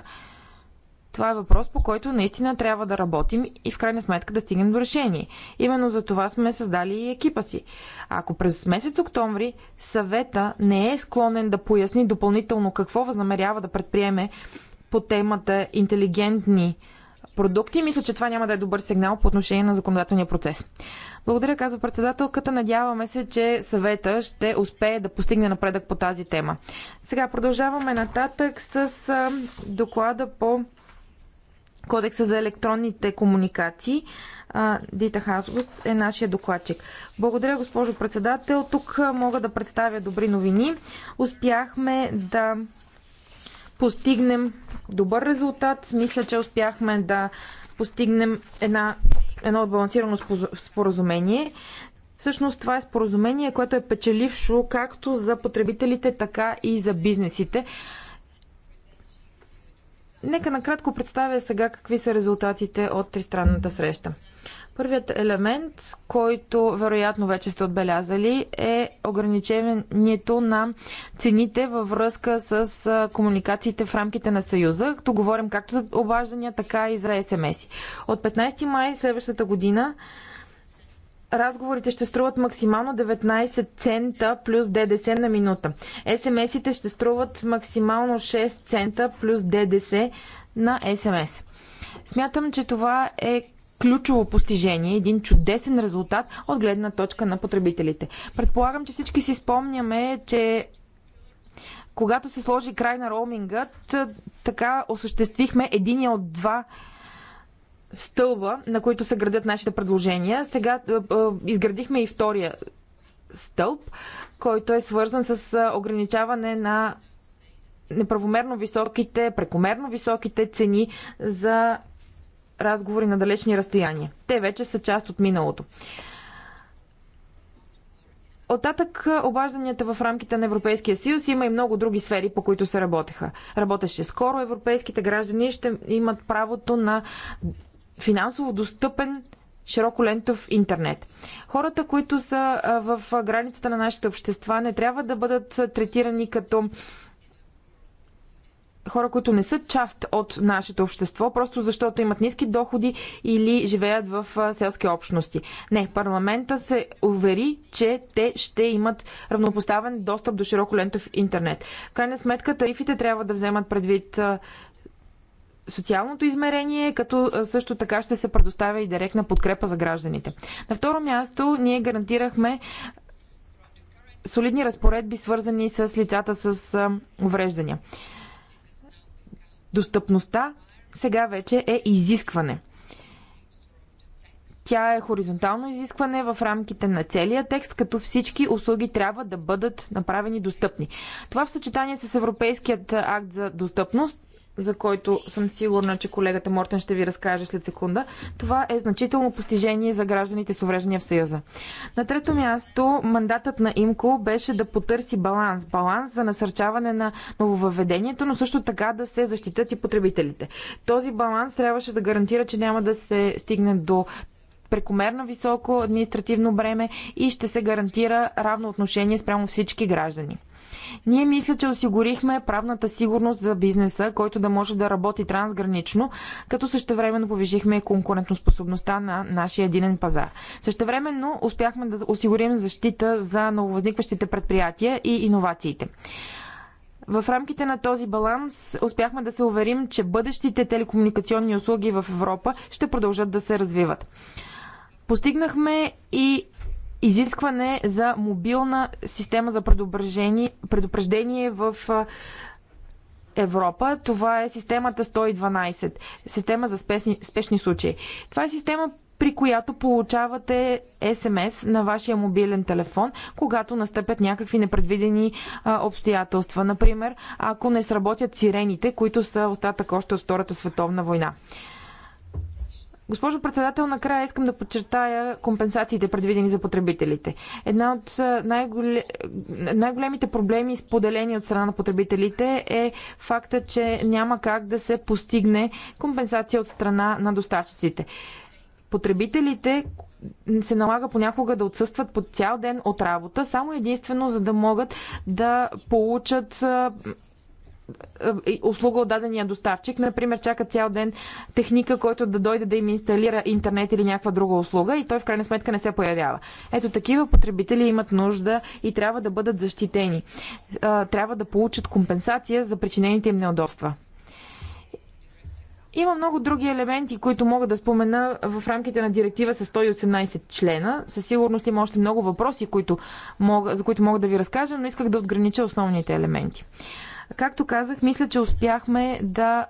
Това е въпрос, по който наистина трябва да работим и в крайна сметка да стигнем до решение. Именно за това сме създали и екипа си. Ако през месец октомври съвета не е склонен да поясни допълнително какво възнамерява да предприеме по темата интелигентни продукти, мисля, че това няма да е добър сигнал по отношение на законодателния процес. Благодаря, казва председателката. Надяваме се, че съвета ще успее да постигне напредък по тази тема. Сега продължаваме нататък с доклада по Кодекса за електронните комуникации. Дита Хазгус е нашия докладчик. Благодаря, госпожо председател. Тук мога да представя добри новини. Успяхме да постигнем добър резултат. Мисля, че успяхме да постигнем една, едно отбалансирано споразумение. Всъщност това е споразумение, което е печелившо както за потребителите, така и за бизнесите. Нека накратко представя сега какви са резултатите от тристранната среща. Първият елемент, който вероятно вече сте отбелязали, е ограничението на цените във връзка с комуникациите в рамките на Съюза. Като говорим както за обаждания, така и за СМС. От 15 май следващата година разговорите ще струват максимално 19 цента плюс ДДС на минута. СМС-ите ще струват максимално 6 цента плюс ДДС на СМС. Смятам, че това е ключово постижение, един чудесен резултат от гледна точка на потребителите. Предполагам, че всички си спомняме, че когато се сложи край на роумингът, така осъществихме единия от два стълба, на които се градят нашите предложения. Сега е, е, изградихме и втория стълб, който е свързан с е, ограничаване на неправомерно високите, прекомерно високите цени за разговори на далечни разстояния. Те вече са част от миналото. Оттатък обажданията в рамките на Европейския съюз има и много други сфери, по които се работеха. Работеше скоро. Европейските граждани ще имат правото на финансово достъпен широколентов интернет. Хората, които са в границата на нашите общества, не трябва да бъдат третирани като хора, които не са част от нашето общество, просто защото имат ниски доходи или живеят в селски общности. Не, парламента се увери, че те ще имат равнопоставен достъп до широколентов интернет. В крайна сметка тарифите трябва да вземат предвид социалното измерение, като също така ще се предоставя и директна подкрепа за гражданите. На второ място ние гарантирахме солидни разпоредби, свързани с лицата с увреждания. Достъпността сега вече е изискване. Тя е хоризонтално изискване в рамките на целия текст, като всички услуги трябва да бъдат направени достъпни. Това в съчетание с Европейският акт за достъпност за който съм сигурна, че колегата Мортен ще ви разкаже след секунда. Това е значително постижение за гражданите с увреждания в Съюза. На трето място, мандатът на ИМКО беше да потърси баланс. Баланс за насърчаване на нововъведението, но също така да се защитат и потребителите. Този баланс трябваше да гарантира, че няма да се стигне до прекомерно високо административно бреме и ще се гарантира равно отношение спрямо всички граждани. Ние мисля, че осигурихме правната сигурност за бизнеса, който да може да работи трансгранично, като същевременно повишихме конкурентоспособността на нашия единен пазар. Същевременно успяхме да осигурим защита за нововъзникващите предприятия и иновациите. В рамките на този баланс успяхме да се уверим, че бъдещите телекомуникационни услуги в Европа ще продължат да се развиват. Постигнахме и изискване за мобилна система за предупреждение, предупреждение в Европа. Това е системата 112, система за спешни, спешни случаи. Това е система, при която получавате СМС на вашия мобилен телефон, когато настъпят някакви непредвидени а, обстоятелства. Например, ако не сработят сирените, които са остатък още от Втората световна война. Госпожо председател, накрая искам да подчертая компенсациите, предвидени за потребителите. Една от най-големите най проблеми, споделени от страна на потребителите, е факта, че няма как да се постигне компенсация от страна на доставчиците. Потребителите, се налага понякога да отсъстват по цял ден от работа, само единствено за да могат да получат е, услуга от дадения доставчик. Например, чака цял ден техника, който да дойде да им инсталира интернет или някаква друга услуга и той в крайна сметка не се появява. Ето такива потребители имат нужда и трябва да бъдат защитени. Е, трябва да получат компенсация за причинените им неудобства. Има много други елементи, които мога да спомена в рамките на директива с 118 члена. Със сигурност има още много въпроси, които мога, за които мога да ви разкажа, но исках да отгранича основните елементи. Както казах, мисля, че успяхме да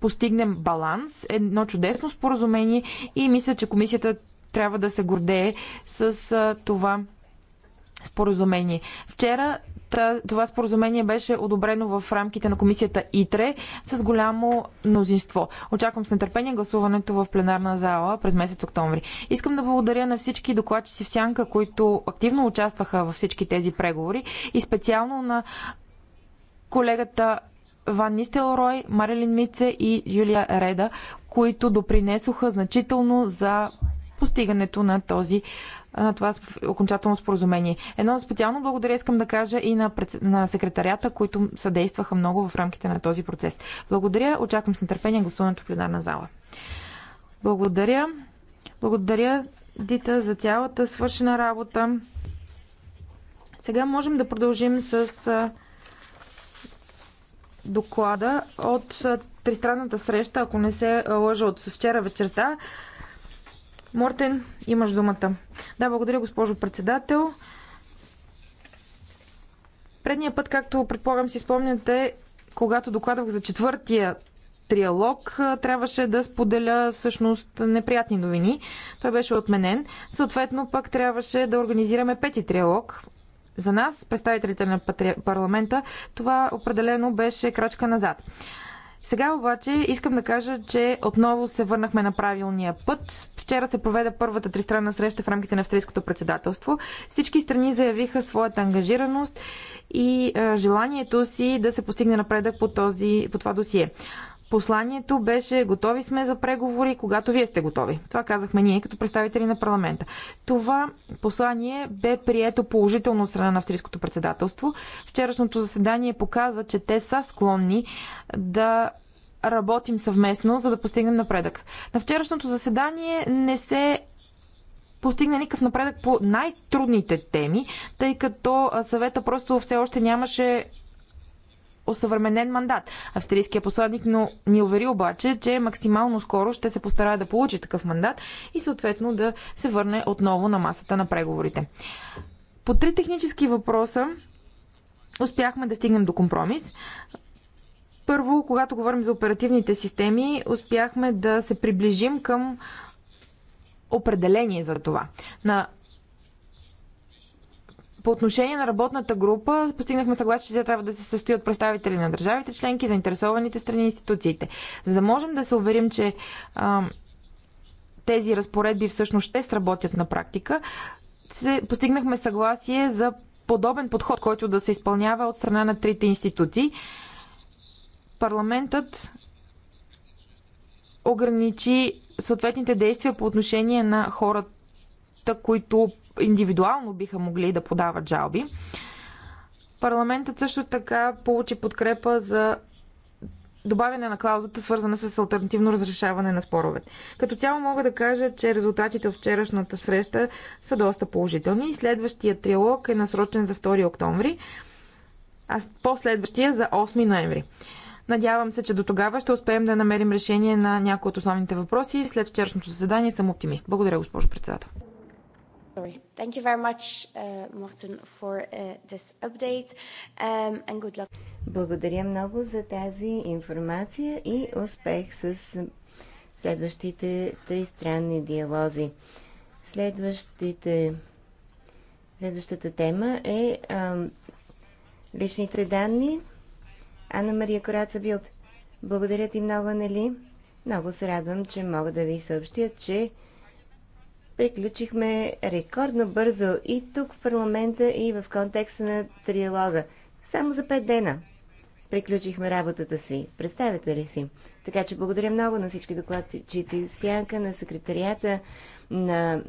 постигнем баланс, едно чудесно споразумение и мисля, че комисията трябва да се гордее с това споразумение. Вчера това споразумение беше одобрено в рамките на комисията ИТРЕ с голямо мнозинство. Очаквам с нетърпение гласуването в пленарна зала през месец октомври. Искам да благодаря на всички докладчици в Сянка, които активно участваха във всички тези преговори и специално на колегата Ван Нистелрой, Марилин Мице и Юлия Реда, които допринесоха значително за постигането на този на това окончателно споразумение. Едно специално благодаря искам да кажа и на, пред... на секретарята, които съдействаха много в рамките на този процес. Благодаря, очаквам с нетърпение гласуването в пленарна зала. Благодаря. Благодаря, Дита, за цялата свършена работа. Сега можем да продължим с доклада от тристранната среща, ако не се лъжа от вчера вечерта. Мортен, имаш думата. Да, благодаря, госпожо председател. Предния път, както предполагам си спомняте, когато докладвах за четвъртия триалог, трябваше да споделя всъщност неприятни новини. Той беше отменен. Съответно, пък трябваше да организираме пети триалог за нас, представителите на парламента, това определено беше крачка назад. Сега обаче искам да кажа, че отново се върнахме на правилния път. Вчера се проведе първата тристранна среща в рамките на австрийското председателство. Всички страни заявиха своята ангажираност и желанието си да се постигне напредък по, този, по това досие посланието беше готови сме за преговори, когато вие сте готови. Това казахме ние като представители на парламента. Това послание бе прието положително от страна на австрийското председателство. Вчерашното заседание показа, че те са склонни да работим съвместно, за да постигнем напредък. На вчерашното заседание не се постигна никакъв напредък по най-трудните теми, тъй като съвета просто все още нямаше осъвременен мандат. Австрийският посланник но ни увери обаче, че максимално скоро ще се постарае да получи такъв мандат и съответно да се върне отново на масата на преговорите. По три технически въпроса успяхме да стигнем до компромис. Първо, когато говорим за оперативните системи, успяхме да се приближим към определение за това. На по отношение на работната група, постигнахме съгласие, че тя трябва да се състои от представители на държавите членки, заинтересованите страни и институциите. За да можем да се уверим, че а, тези разпоредби всъщност ще сработят на практика, се, постигнахме съгласие за подобен подход, който да се изпълнява от страна на трите институции. Парламентът ограничи съответните действия по отношение на хората, които индивидуално биха могли да подават жалби. Парламентът също така получи подкрепа за добавяне на клаузата, свързана с альтернативно разрешаване на спорове. Като цяло мога да кажа, че резултатите от вчерашната среща са доста положителни. Следващия трилог е насрочен за 2 октомври, а последващия за 8 ноември. Надявам се, че до тогава ще успеем да намерим решение на някои от основните въпроси. След вчерашното заседание съм оптимист. Благодаря, госпожо председател. Sorry. Thank you very much, uh, Morten, for uh, this update um, and good luck. Благодаря много за тази информация и успех с следващите три странни диалози. Следващите, следващата тема е ам, личните данни. Анна Мария Кораца Билд. Благодаря ти много, Нели. Много се радвам, че мога да ви съобщя, че приключихме рекордно бързо и тук в парламента, и в контекста на триалога. Само за пет дена приключихме работата си. Представете ли си? Така че благодаря много на всички докладчици в Сянка, на секретарията, на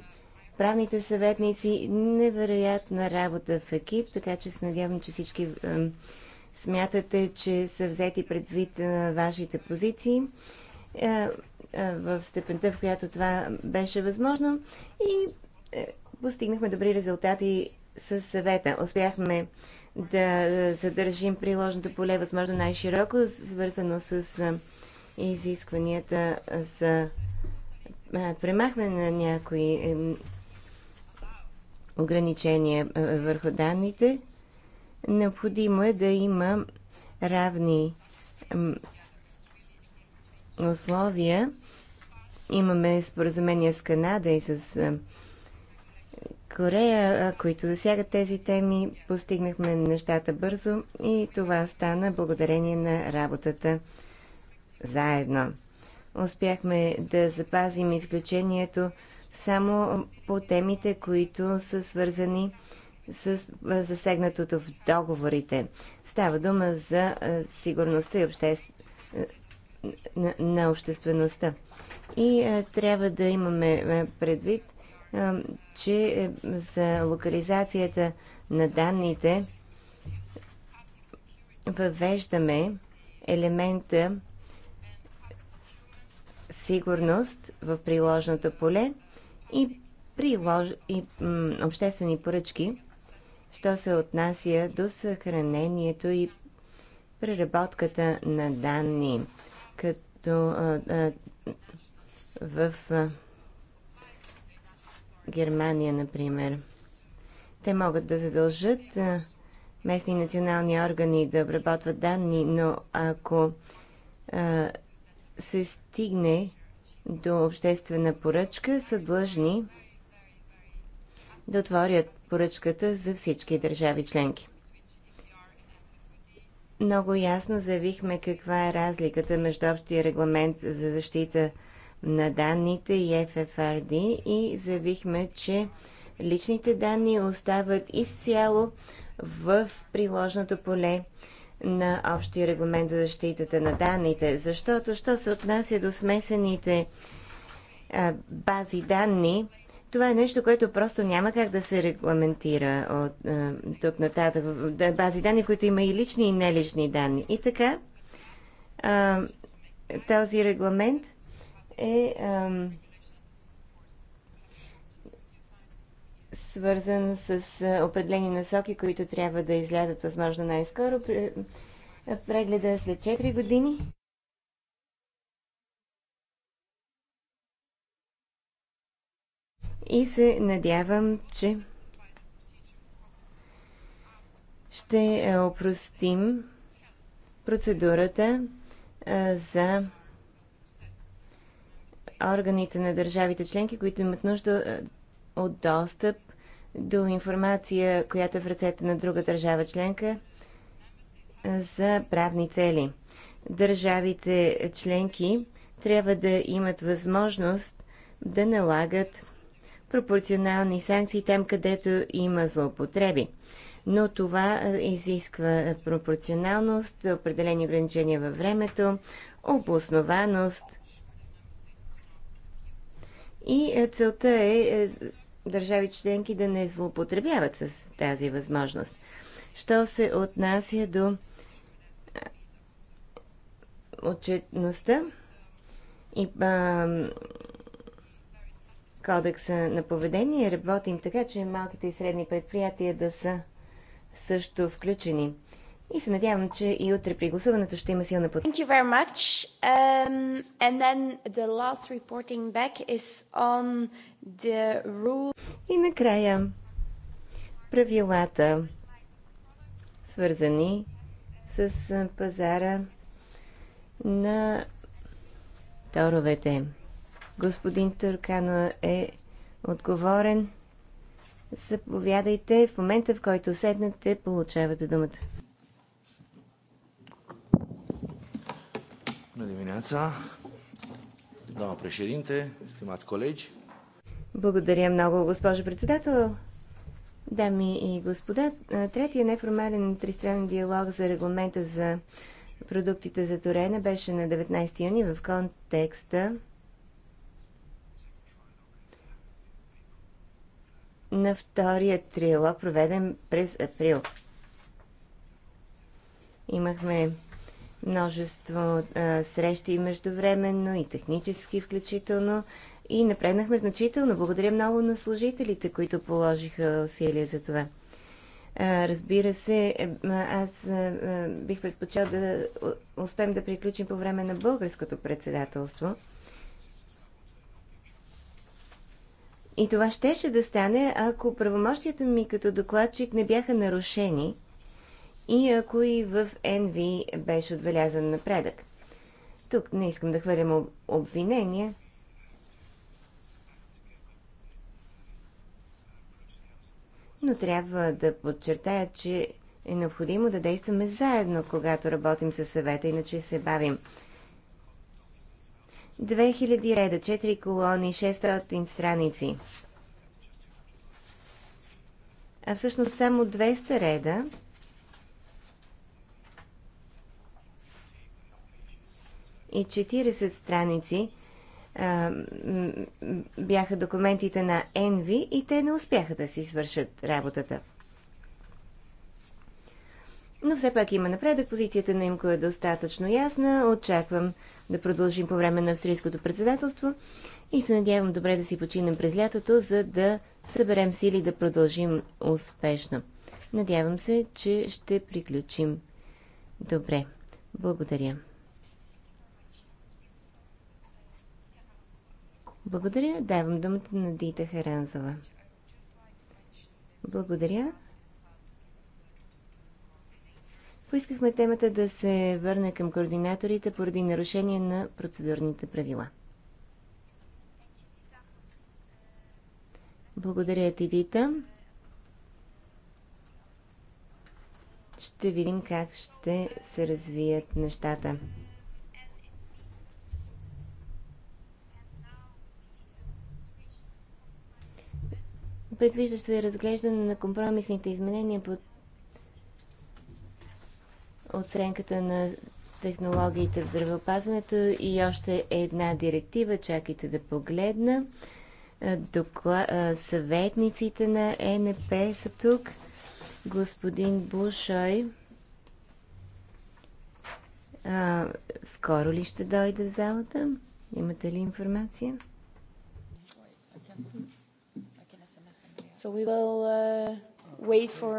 правните съветници. Невероятна работа в екип, така че се надявам, че всички смятате, че са взети предвид е, вашите позиции. Е, е, в степента, в която това беше възможно и е, постигнахме добри резултати с съвета. Успяхме да задържим приложното поле възможно най-широко, свързано с изискванията за премахване на някои ограничения върху данните. Необходимо е да има равни условия. Имаме споразумения с Канада и с Корея, които засягат тези теми. Постигнахме нещата бързо и това стана благодарение на работата заедно. Успяхме да запазим изключението само по темите, които са свързани с засегнатото в договорите. Става дума за сигурността и обществеността на, на обществеността. И а, е, трябва да имаме е, предвид, а, е, че за локализацията на данните въвеждаме елемента сигурност в приложното поле и, прилож... и м, обществени поръчки, що се отнася до съхранението и преработката на данни като а, а, в а, Германия, например. Те могат да задължат а, местни национални органи да обработват данни, но ако а, се стигне до обществена поръчка, са длъжни да отворят поръчката за всички държави членки много ясно заявихме каква е разликата между общия регламент за защита на данните и ФФРД и заявихме, че личните данни остават изцяло в приложното поле на общия регламент за защитата на данните, защото, що се отнася до смесените а, бази данни, това е нещо, което просто няма как да се регламентира от е, тук нататък. Бази данни, които има и лични, и нелични данни. И така, е, този регламент е, е свързан с е, определени насоки, които трябва да излязат възможно най-скоро. Прегледа след 4 години. и се надявам, че ще е, опростим процедурата е, за органите на държавите членки, които имат нужда е, от достъп до информация, която е в ръцете на друга държава членка за правни цели. Държавите членки трябва да имат възможност да налагат пропорционални санкции там, където има злоупотреби. Но това изисква пропорционалност, определени ограничения във времето, обоснованост. И целта е, е държави членки да не злоупотребяват с тази възможност. Що се отнася до отчетността и а, кодекса на поведение. Работим така, че малките и средни предприятия да са също включени. И се надявам, че и утре при гласуването ще има силна подкрепа. Thank you very much. Um, and then the last reporting back is on the rule. И накрая правилата, свързани с пазара на торовете. Господин Търкано е отговорен. Заповядайте. В момента, в който седнете, получавате думата. Bună dimineața, doamna președinte, Благодаря много, госпожо председател. Дами и господа, третия неформален тристранен диалог за регламента за продуктите за Торена беше на 19 юни в контекста на втория триалог, проведен през април. Имахме множество а, срещи междувременно и технически включително и напреднахме значително. Благодаря много на служителите, които положиха усилия за това. А, разбира се, аз а, бих предпочел да успеем да приключим по време на българското председателство – И това щеше да стане, ако правомощията ми като докладчик не бяха нарушени и ако и в НВ беше отбелязан напредък. Тук не искам да хвърлям обвинения. Но трябва да подчертая, че е необходимо да действаме заедно, когато работим със съвета, иначе се бавим. 2000 реда, 4 колони, 600 страници. А всъщност само 200 реда и 40 страници а, бяха документите на Envy и те не успяха да си свършат работата. Но все пак има напредък, позицията на имко е достатъчно ясна. Очаквам да продължим по време на австрийското председателство и се надявам добре да си починем през лятото, за да съберем сили да продължим успешно. Надявам се, че ще приключим добре. Благодаря. Благодаря. Давам думата на Дита Харанзова. Благодаря. Поискахме темата да се върне към координаторите поради нарушение на процедурните правила. Благодаря ти, Дита. Ще видим как ще се развият нещата. Предвижда се разглеждане на компромисните изменения под оценката на технологиите в здравеопазването и още една директива, чакайте да погледна. Докла... Съветниците на ЕНП са тук. Господин Бушой. А, скоро ли ще дойде в залата? Имате ли информация? So we will uh, wait for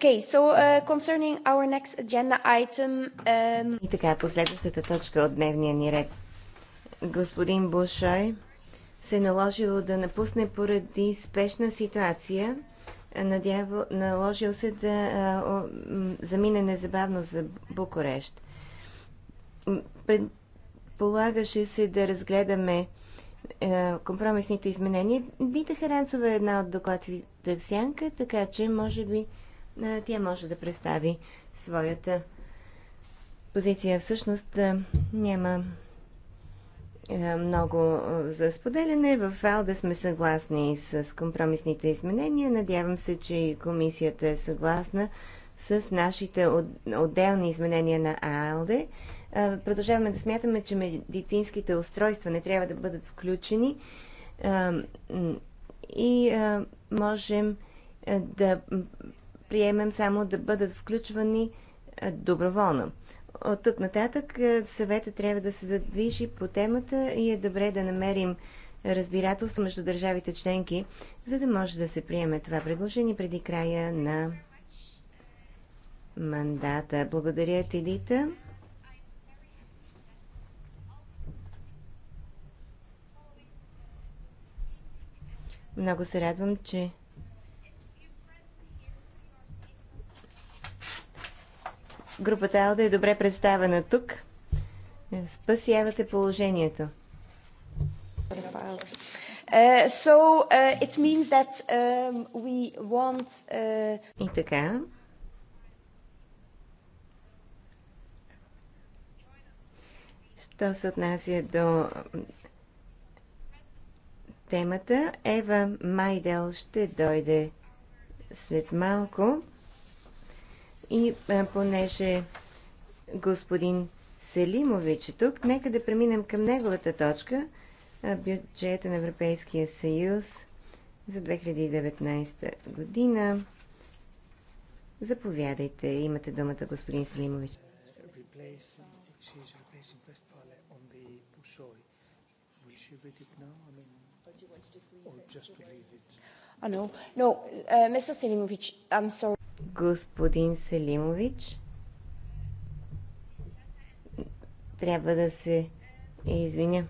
Okay, so uh, concerning our next agenda item... Um... И така, последващата точка от дневния ни ред. Господин Бушой се е наложило да напусне поради спешна ситуация. Надява, наложил се да а, о, замине незабавно за Букурещ. Предполагаше се да разгледаме е, компромисните изменения. Дита Харанцова е една от докладите в сянка, така че може би тя може да представи своята позиция. Всъщност няма много за споделяне. В Алда сме съгласни с компромисните изменения. Надявам се, че и комисията е съгласна с нашите отделни изменения на АЛДЕ. Продължаваме да смятаме, че медицинските устройства не трябва да бъдат включени и можем да приемем само да бъдат включвани доброволно. От тук нататък съвета трябва да се задвижи по темата и е добре да намерим разбирателство между държавите членки, за да може да се приеме това предложение преди края на мандата. Благодаря ти, Дита. Много се радвам, че групата Алда е добре представена тук. Спасявате положението. Е, е, е, И така. Що се отнася до темата, Ева Майдел ще дойде след малко. И е, понеже господин Селимович е тук, нека да преминем към неговата точка е, бюджета на Европейския съюз за 2019 година. Заповядайте, имате думата, господин Селимович. Oh, no, no, uh, Mr. Selimovic, I'm sorry господин Селимович. Трябва да се извиня.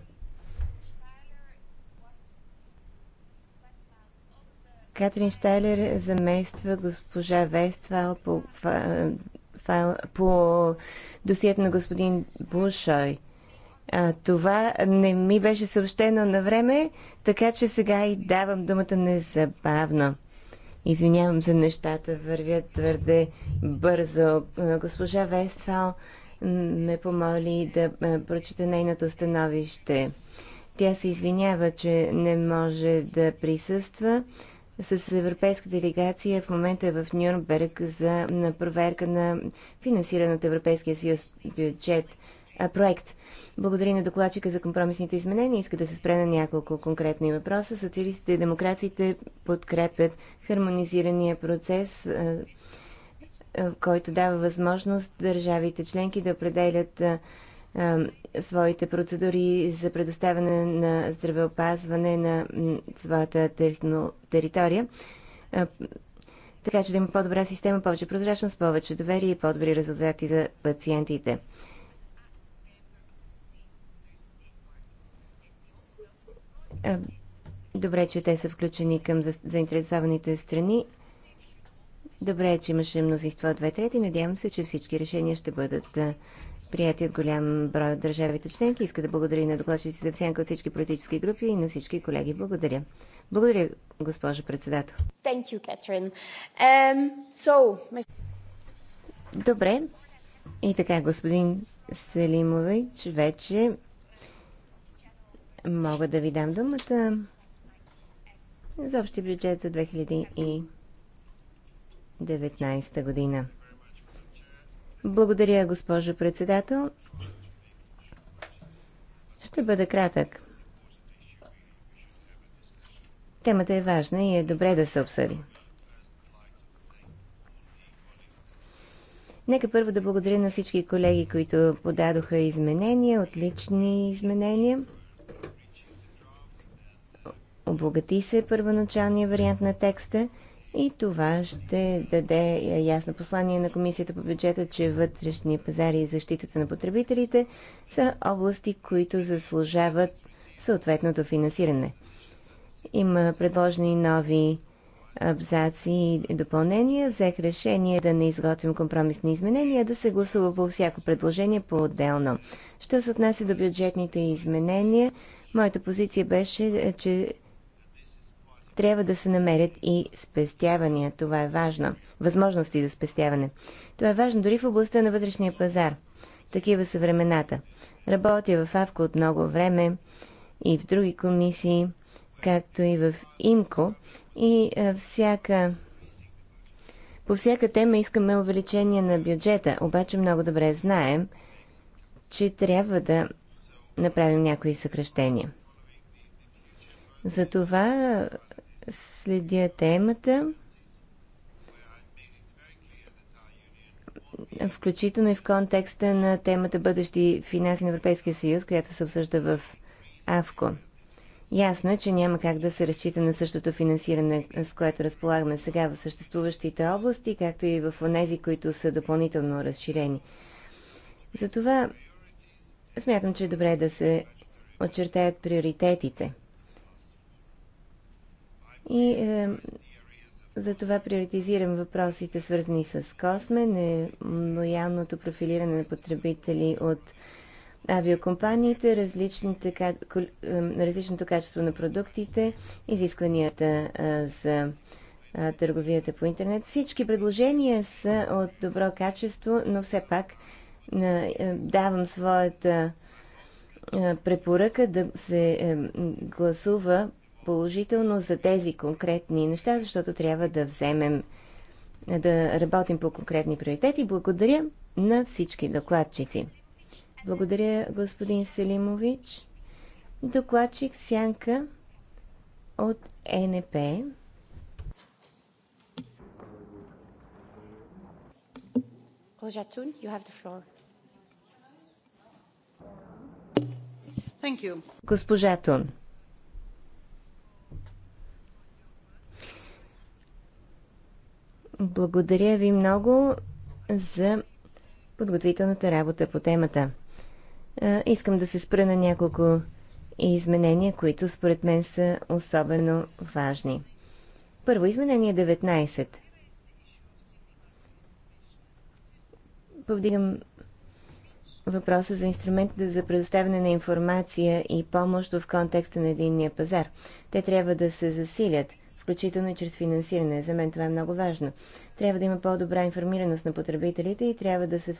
Катрин Штайлер замества госпожа Вествал по, файл, по досието на господин Бушой. А, това не ми беше съобщено на време, така че сега и давам думата незабавно. Извинявам за нещата, вървят твърде бързо. Госпожа Вестфал ме помоли да прочета нейното становище. Тя се извинява, че не може да присъства с европейска делегация в момента е в Нюрнберг за на проверка на финансиран от Европейския съюз бюджет а, проект. Благодаря на докладчика за компромисните изменения. Иска да се спре на няколко конкретни въпроса. Социалистите и демокрациите подкрепят хармонизирания процес, който дава възможност държавите членки да определят своите процедури за предоставяне на здравеопазване на своята територия. Така че да има по-добра система, повече прозрачност, повече доверие и по-добри резултати за пациентите. Е, добре, че те са включени към заинтересованите страни. Добре, е, че имаше мнозинство от две трети. Надявам се, че всички решения ще бъдат е, прияти от голям брой от държавите членки. Иска да благодаря на докладчиците за всяка от всички политически групи и на всички колеги. Благодаря. Благодаря, госпожо председател. Thank you, Catherine. Um, so... Добре. И така, господин Селимович вече Мога да ви дам думата за общи бюджет за 2019 година. Благодаря, госпожо председател. Ще бъда кратък. Темата е важна и е добре да се обсъди. Нека първо да благодаря на всички колеги, които подадоха изменения, отлични изменения. Обогати се първоначалния вариант на текста и това ще даде ясно послание на Комисията по бюджета, че вътрешния пазар и защитата на потребителите са области, които заслужават съответното финансиране. Има предложени нови абзаци и допълнения. Взех решение да не изготвим компромисни изменения, да се гласува по всяко предложение по-отделно. Що се отнася до бюджетните изменения, моята позиция беше, че трябва да се намерят и спестявания. Това е важно. Възможности за спестяване. Това е важно дори в областта на вътрешния пазар. Такива са времената. Работя в АВКО от много време и в други комисии, както и в ИМКО. И всяка... По всяка тема искаме увеличение на бюджета, обаче много добре знаем, че трябва да направим някои съкръщения. Затова следя темата, включително и в контекста на темата бъдещи финанси на Европейския съюз, която се обсъжда в АВКО. Ясно е, че няма как да се разчита на същото финансиране, с което разполагаме сега в съществуващите области, както и в тези, които са допълнително разширени. Затова смятам, че е добре да се очертаят приоритетите. И е, за това приоритизирам въпросите, свързани с Косме, нелоялното профилиране на потребители от авиокомпаниите, различните, е, различното качество на продуктите, изискванията е, за е, търговията по интернет. Всички предложения са от добро качество, но все пак давам своята препоръка да се гласува положително за тези конкретни неща, защото трябва да вземем да работим по конкретни приоритети. Благодаря на всички докладчици. Благодаря, господин Селимович. Докладчик Сянка от НП. Ожатун, you have the floor. Thank you. Госпожа Тун. Благодаря ви много за подготвителната работа по темата. Искам да се спра на няколко изменения, които според мен са особено важни. Първо, изменение 19. Повдигам въпроса за инструментите за предоставяне на информация и помощ в контекста на единния пазар. Те трябва да се засилят – включително и чрез финансиране. За мен това е много важно. Трябва да има по-добра информираност на потребителите и трябва да се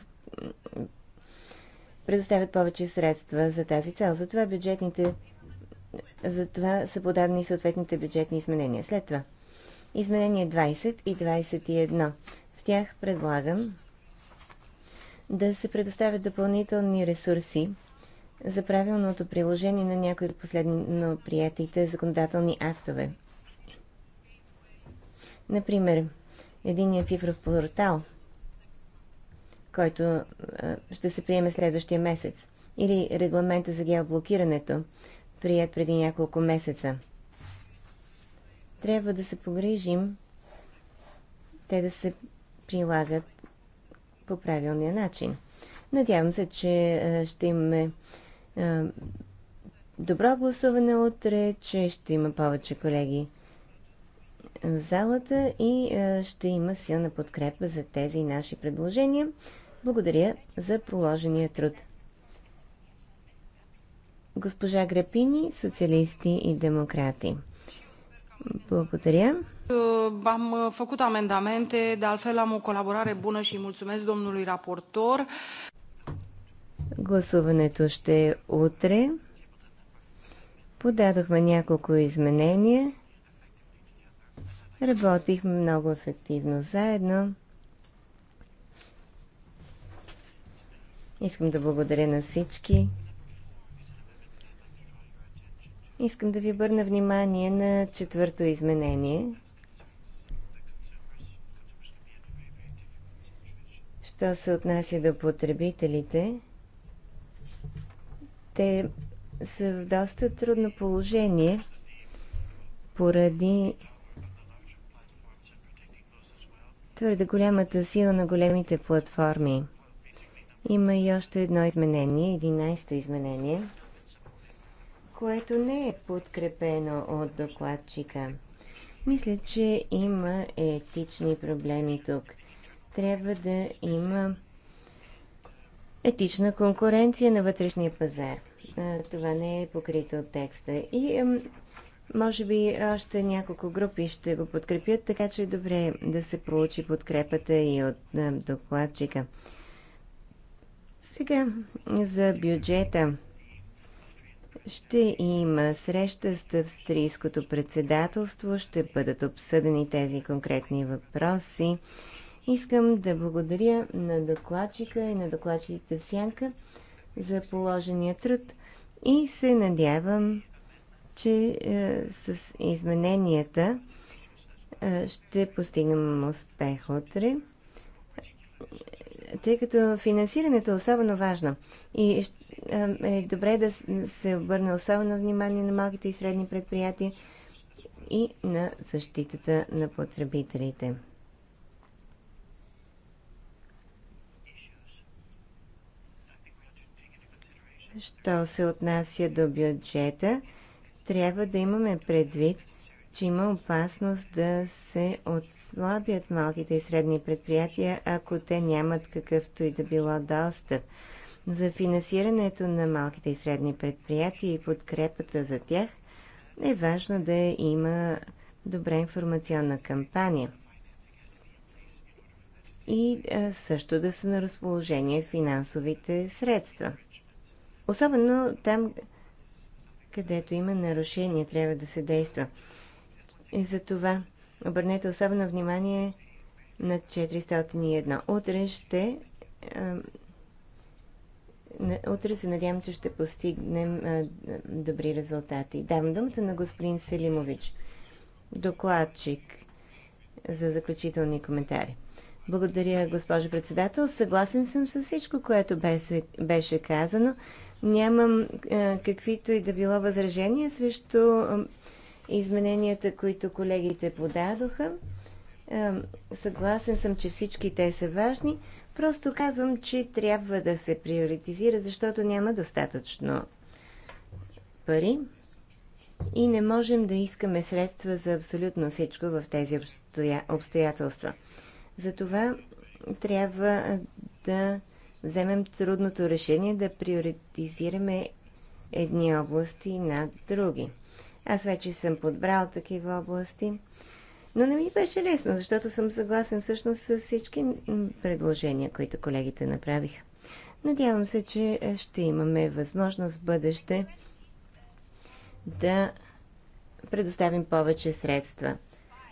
предоставят повече средства за тази цел. Затова бюджетните затова са подадени съответните бюджетни изменения. След това изменения 20 и 21. В тях предлагам да се предоставят допълнителни ресурси за правилното приложение на някои от последно приятите законодателни актове. Например, единият цифров портал, който ще се приеме следващия месец, или регламента за геоблокирането, прият преди няколко месеца. Трябва да се погрижим те да се прилагат по правилния начин. Надявам се, че ще имаме добро гласуване утре, че ще има повече колеги в залата и е, ще има силна подкрепа за тези наши предложения. Благодаря за положения труд. Госпожа Грапини, социалисти и демократи. Благодаря. Am făcut е, amendamente, de altfel am o colaborare bună și mulțumesc domnului raportor. Гласуването ще е утре. Подадохме няколко изменения. Работихме много ефективно заедно. Искам да благодаря на всички. Искам да ви обърна внимание на четвърто изменение. Що се отнася до потребителите, те са в доста трудно положение поради твърде голямата сила на големите платформи. Има и още едно изменение, 11-то изменение, което не е подкрепено от докладчика. Мисля, че има етични проблеми тук. Трябва да има етична конкуренция на вътрешния пазар. Това не е покрито от текста. И може би още няколко групи ще го подкрепят, така че е добре да се получи подкрепата и от е, докладчика. Сега за бюджета. Ще има среща с австрийското председателство, ще бъдат обсъдени тези конкретни въпроси. Искам да благодаря на докладчика и на докладчиците в Сянка за положения труд и се надявам че е, с измененията е, ще постигнем успех утре, тъй като финансирането е особено важно и е, е, добре да се обърне особено внимание на малките и средни предприятия и на защитата на потребителите. Що се отнася до бюджета, трябва да имаме предвид, че има опасност да се отслабят малките и средни предприятия, ако те нямат какъвто и да било достъп. За финансирането на малките и средни предприятия и подкрепата за тях е важно да има добра информационна кампания и също да са на разположение финансовите средства. Особено там, където има нарушение, трябва да се действа. И за това обърнете особено внимание на 401. Утре ще утре се надявам, че ще постигнем а, добри резултати. Давам думата на господин Селимович, докладчик за заключителни коментари. Благодаря, госпожо председател. Съгласен съм с всичко, което беше, беше казано. Нямам е, каквито и да било възражения срещу измененията, които колегите подадоха. Е, съгласен съм, че всички те са важни. Просто казвам, че трябва да се приоритизира, защото няма достатъчно пари и не можем да искаме средства за абсолютно всичко в тези обстоя... обстоятелства. Затова трябва да вземем трудното решение да приоритизираме едни области над други. Аз вече съм подбрал такива области, но не ми беше лесно, защото съм съгласен всъщност с всички предложения, които колегите направиха. Надявам се, че ще имаме възможност в бъдеще да предоставим повече средства.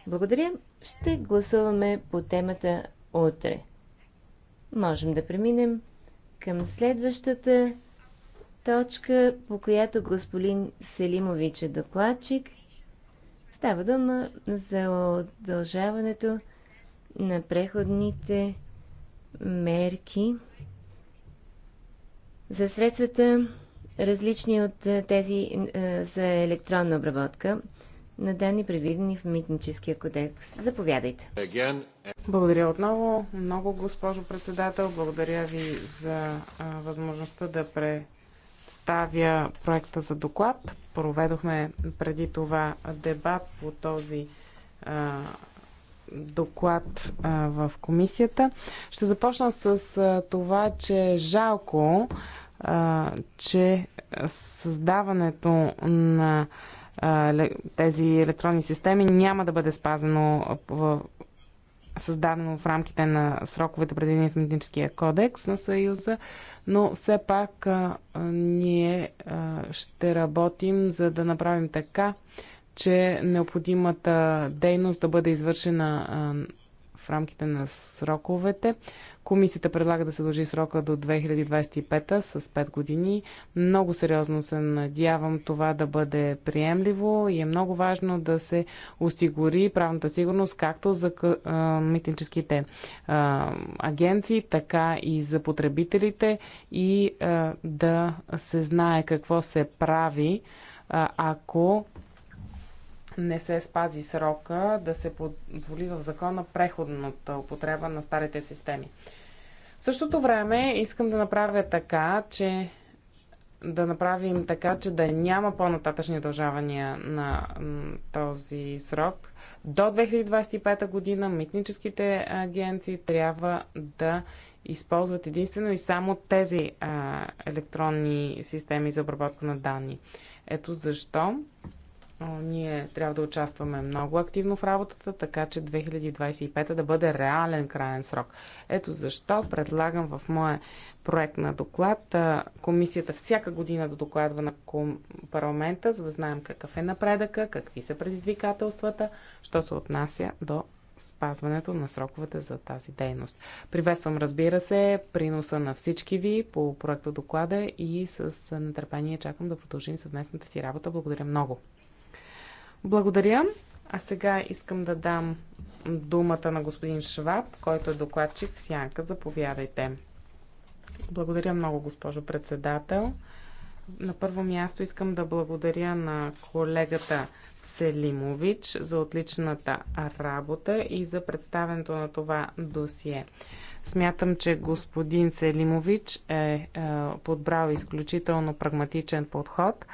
Благодаря. Ще гласуваме по темата утре можем да преминем към следващата точка, по която господин Селимович е докладчик. Става дума за удължаването на преходните мерки за средствата, различни от тези за електронна обработка на данни, предвидени в Митническия кодекс. Заповядайте. Благодаря отново. Много, госпожо председател. Благодаря ви за а, възможността да представя проекта за доклад. Проведохме преди това дебат по този а, доклад а, в комисията. Ще започна с а, това, че е жалко, а, че създаването на тези електронни системи няма да бъде спазено в създадено в рамките на сроковете преди в кодекс на Съюза, но все пак а, ние а, ще работим за да направим така, че необходимата дейност да бъде извършена а, в рамките на сроковете. Комисията предлага да се дължи срока до 2025 с 5 години. Много сериозно се надявам това да бъде приемливо и е много важно да се осигури правната сигурност както за митническите агенции, така и за потребителите и да се знае какво се прави, ако не се спази срока да се позволи в закона преходната употреба на старите системи. В същото време искам да направя така, че да направим така, че да няма по-нататъчни удължавания на този срок. До 2025 година митническите агенции трябва да използват единствено и само тези електронни системи за обработка на данни. Ето защо ние трябва да участваме много активно в работата, така че 2025 да бъде реален крайен срок. Ето защо предлагам в моя проект на доклад комисията всяка година да докладва на парламента, за да знаем какъв е напредъка, какви са предизвикателствата, що се отнася до спазването на сроковете за тази дейност. Приветствам, разбира се, приноса на всички ви по проекта доклада и с нетърпение чакам да продължим съвместната си работа. Благодаря много. Благодаря. А сега искам да дам думата на господин Шваб, който е докладчик в Сянка. Заповядайте. Благодаря много, госпожо председател. На първо място искам да благодаря на колегата Селимович за отличната работа и за представенето на това досие. Смятам, че господин Селимович е, е подбрал изключително прагматичен подход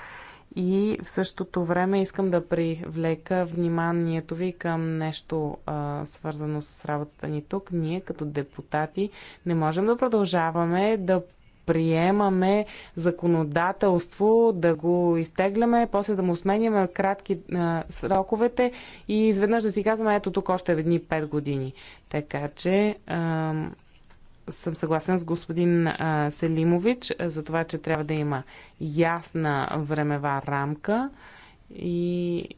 и в същото време искам да привлека вниманието ви към нещо а, свързано с работата ни тук. Ние като депутати не можем да продължаваме да приемаме законодателство, да го изтегляме, после да му сменяме кратки а, сроковете и изведнъж да си казваме, ето тук още едни 5 години. Така че. А, съм съгласен с господин Селимович за това, че трябва да има ясна времева рамка и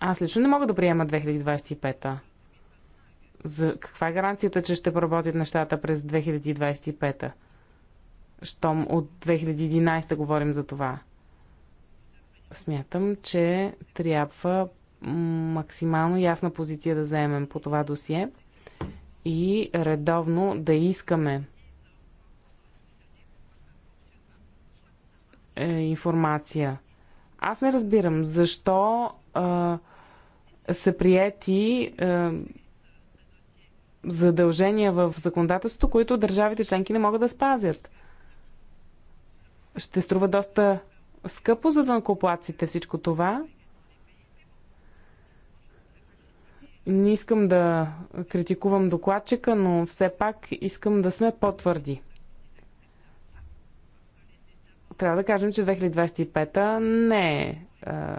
аз лично не мога да приема 2025-та. За каква е гаранцията, че ще проработят нещата през 2025-та? Щом от 2011 говорим за това. Смятам, че трябва максимално ясна позиция да заемем по това досие – и редовно да искаме е, информация. Аз не разбирам защо са приети задължения в законодателството, които държавите членки не могат да спазят. Ще струва доста скъпо за дънкоплаците всичко това Не искам да критикувам докладчика, но все пак искам да сме по-твърди. Трябва да кажем, че 2025 не е, е,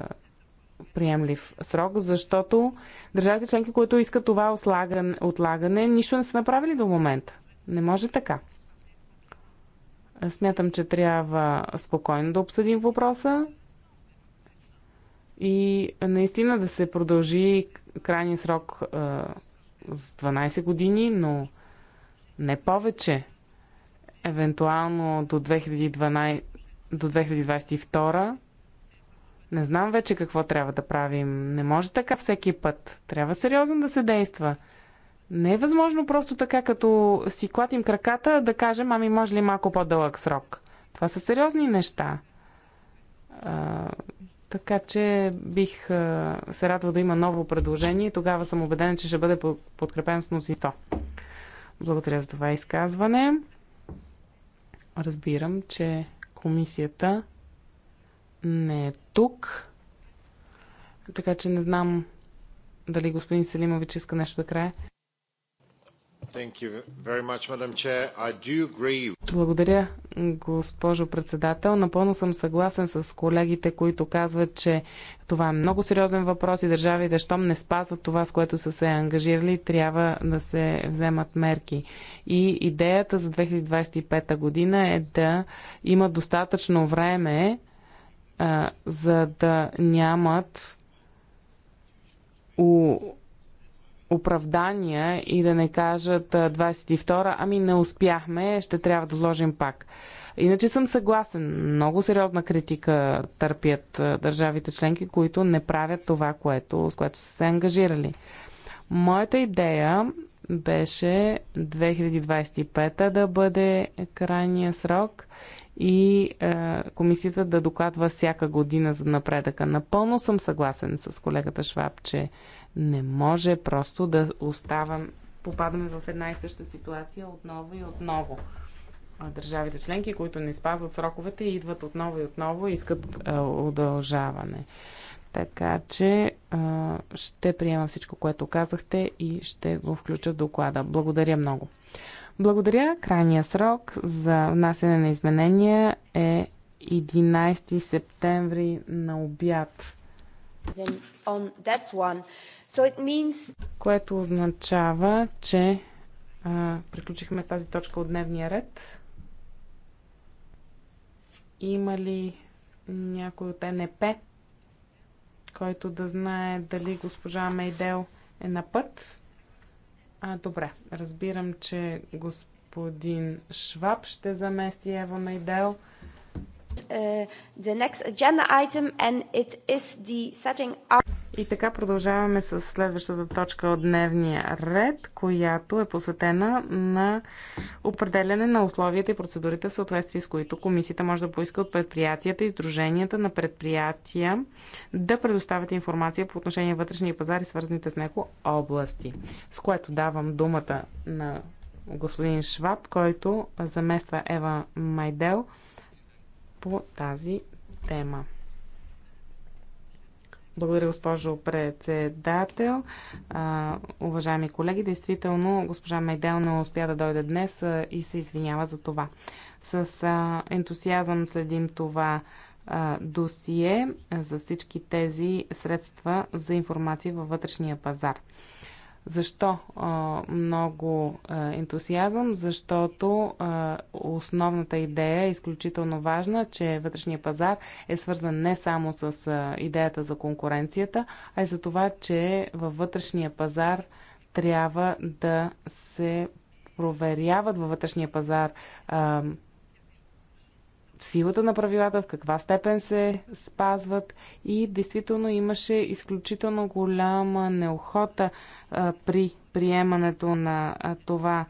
приемлив срок, защото държавите членки, които искат това отлагане, нищо не са направили до момента. Не може така. Смятам, че трябва спокойно да обсъдим въпроса и наистина да се продължи крайния срок а, с 12 години, но не повече. Евентуално до, 2012, до 2022. Не знам вече какво трябва да правим. Не може така всеки път. Трябва сериозно да се действа. Не е възможно просто така, като си клатим краката, да кажем, ами може ли малко по-дълъг срок. Това са сериозни неща. Така че бих се радвал да има ново предложение и тогава съм убеден, че ще бъде подкрепен с мнозинство. Благодаря за това изказване. Разбирам, че комисията не е тук. Така че не знам дали господин Селимович иска нещо да края. Благодаря, госпожо председател. Напълно съм съгласен с колегите, които казват, че това е много сериозен въпрос и държавите, щом не спазват това, с което са се ангажирали, трябва да се вземат мерки. И идеята за 2025 година е да има достатъчно време, а, за да нямат у оправдания и да не кажат 22-а, ами не успяхме, ще трябва да вложим пак. Иначе съм съгласен. Много сериозна критика търпят държавите членки, които не правят това, което, с което са се ангажирали. Моята идея беше 2025 да бъде крайния срок и е, комисията да докладва всяка година за напредъка. Напълно съм съгласен с колегата Шваб, че не може просто да оставам, попадаме в една и съща ситуация отново и отново. Държавите членки, които не спазват сроковете, идват отново и отново и искат е, удължаване. Така че е, ще приема всичко, което казахте и ще го включа в доклада. Благодаря много. Благодаря. Крайния срок за внасяне на изменения е 11 септември на обяд. So means... Което означава, че а, приключихме с тази точка от дневния ред. Има ли някой от НП, който да знае дали госпожа Мейдел е на път? А, добре. Разбирам, че господин Шваб ще замести Ева Мейдел. Uh, the next agenda item and it is the setting up и така продължаваме с следващата точка от дневния ред, която е посветена на определене на условията и процедурите в съответствие с които комисията може да поиска от предприятията и сдруженията на предприятия да предоставят информация по отношение на вътрешния пазар и свързаните с него области. С което давам думата на господин Шваб, който замества Ева Майдел по тази тема. Благодаря, госпожо председател. А, уважаеми колеги, действително госпожа Майдел, не успя да дойде днес а, и се извинява за това. С а, ентусиазъм следим това а, досие за всички тези средства за информация във вътрешния пазар. Защо а, много а, ентусиазъм? Защото а, основната идея е изключително важна, че вътрешния пазар е свързан не само с а, идеята за конкуренцията, а и за това, че във вътрешния пазар трябва да се проверяват във вътрешния пазар. А, силата на правилата, в каква степен се спазват и действително имаше изключително голяма неохота а, при приемането на а, това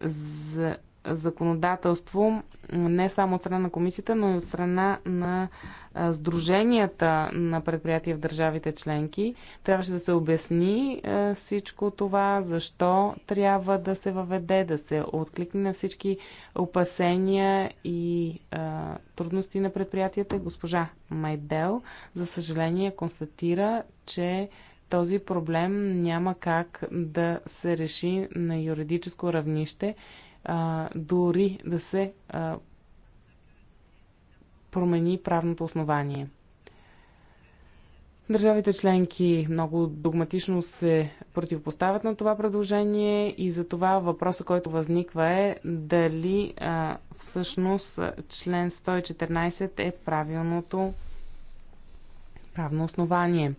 за законодателство не само от страна на комисията, но и от страна на сдруженията на предприятия в държавите членки. Трябваше да се обясни всичко това, защо трябва да се въведе, да се откликне на всички опасения и трудности на предприятията. Госпожа Майдел, за съжаление, констатира, че този проблем няма как да се реши на юридическо равнище а, дори да се а, промени правното основание. Държавите членки много догматично се противопоставят на това предложение и за това въпроса, който възниква е дали а, всъщност член 114 е правилното правно основание.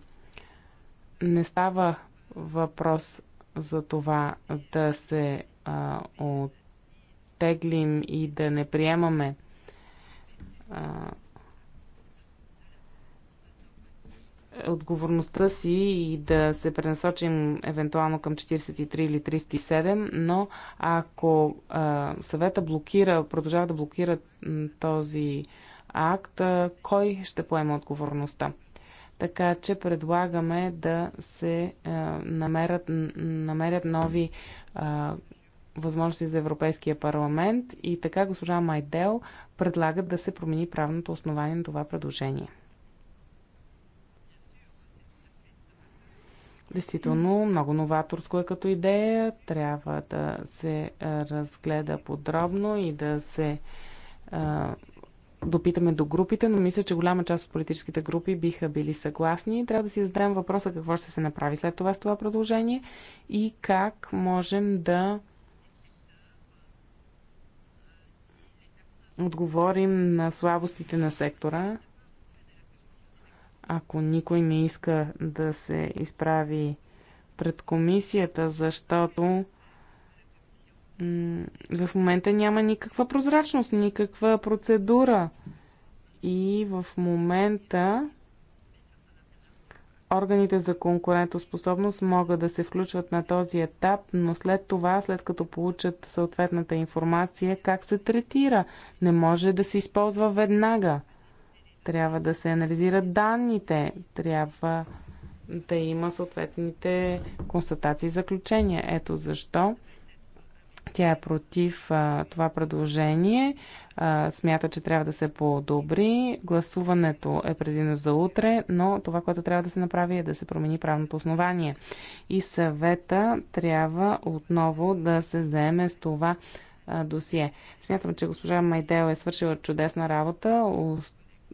Не става въпрос за това да се а, от теглим и да не приемаме а, отговорността си и да се пренасочим евентуално към 43 или 37, но ако а, съвета блокира, продължава да блокира този акт, а, кой ще поема отговорността? Така че предлагаме да се а, намерят, намерят нови а, възможности за Европейския парламент и така госпожа Майдел предлага да се промени правното основание на това предложение. Действително, много новаторско е като идея. Трябва да се разгледа подробно и да се а, допитаме до групите, но мисля, че голяма част от политическите групи биха били съгласни. Трябва да си зададем въпроса какво ще се направи след това с това предложение и как можем да отговорим на слабостите на сектора. Ако никой не иска да се изправи пред комисията, защото в момента няма никаква прозрачност, никаква процедура. И в момента Органите за конкурентоспособност могат да се включват на този етап, но след това, след като получат съответната информация, как се третира? Не може да се използва веднага. Трябва да се анализират данните, трябва да има съответните констатации и заключения. Ето защо тя е против а, това предложение. А, смята, че трябва да се подобри. Гласуването е предвидено за утре, но това, което трябва да се направи е да се промени правното основание. И съвета трябва отново да се заеме с това а, досие. Смятам, че госпожа Майдел е свършила чудесна работа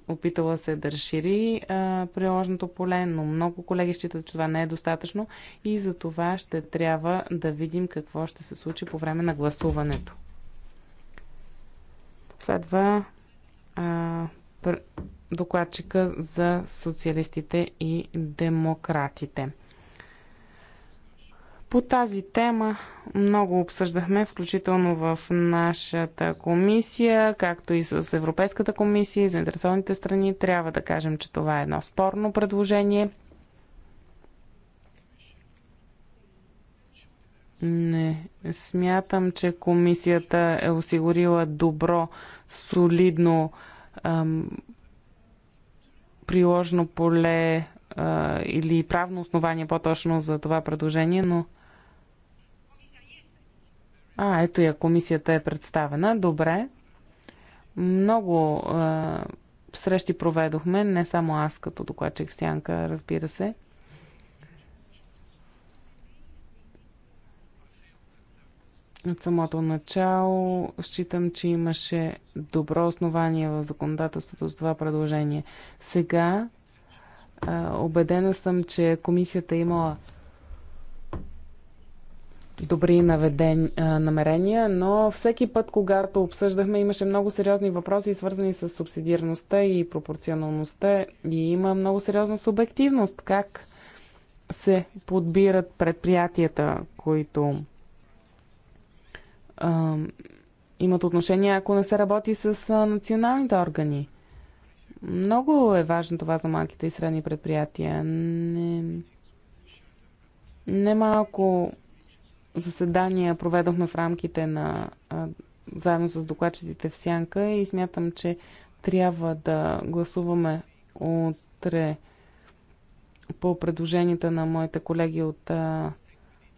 опитала се да разшири а, приложното поле, но много колеги считат, че това не е достатъчно и за това ще трябва да видим какво ще се случи по време на гласуването. Следва а, докладчика за социалистите и демократите. По тази тема много обсъждахме, включително в нашата комисия, както и с Европейската комисия и заинтересованите страни. Трябва да кажем, че това е едно спорно предложение. Не, смятам, че комисията е осигурила добро, солидно ам, приложно поле а, или правно основание по-точно за това предложение, но а, ето я, комисията е представена. Добре. Много е, срещи проведохме, не само аз като докладчик в Сянка, разбира се. От самото начало считам, че имаше добро основание в законодателството за това предложение. Сега убедена съм, че комисията е имала добри наведен, намерения, но всеки път, когато обсъждахме, имаше много сериозни въпроси, свързани с субсидиарността и пропорционалността и има много сериозна субективност. Как се подбират предприятията, които а, имат отношение, ако не се работи с а, националните органи. Много е важно това за малките и средни предприятия. Не, не малко заседания проведохме в рамките на заедно с докладчиците в Сянка и смятам, че трябва да гласуваме утре по предложенията на моите колеги от а,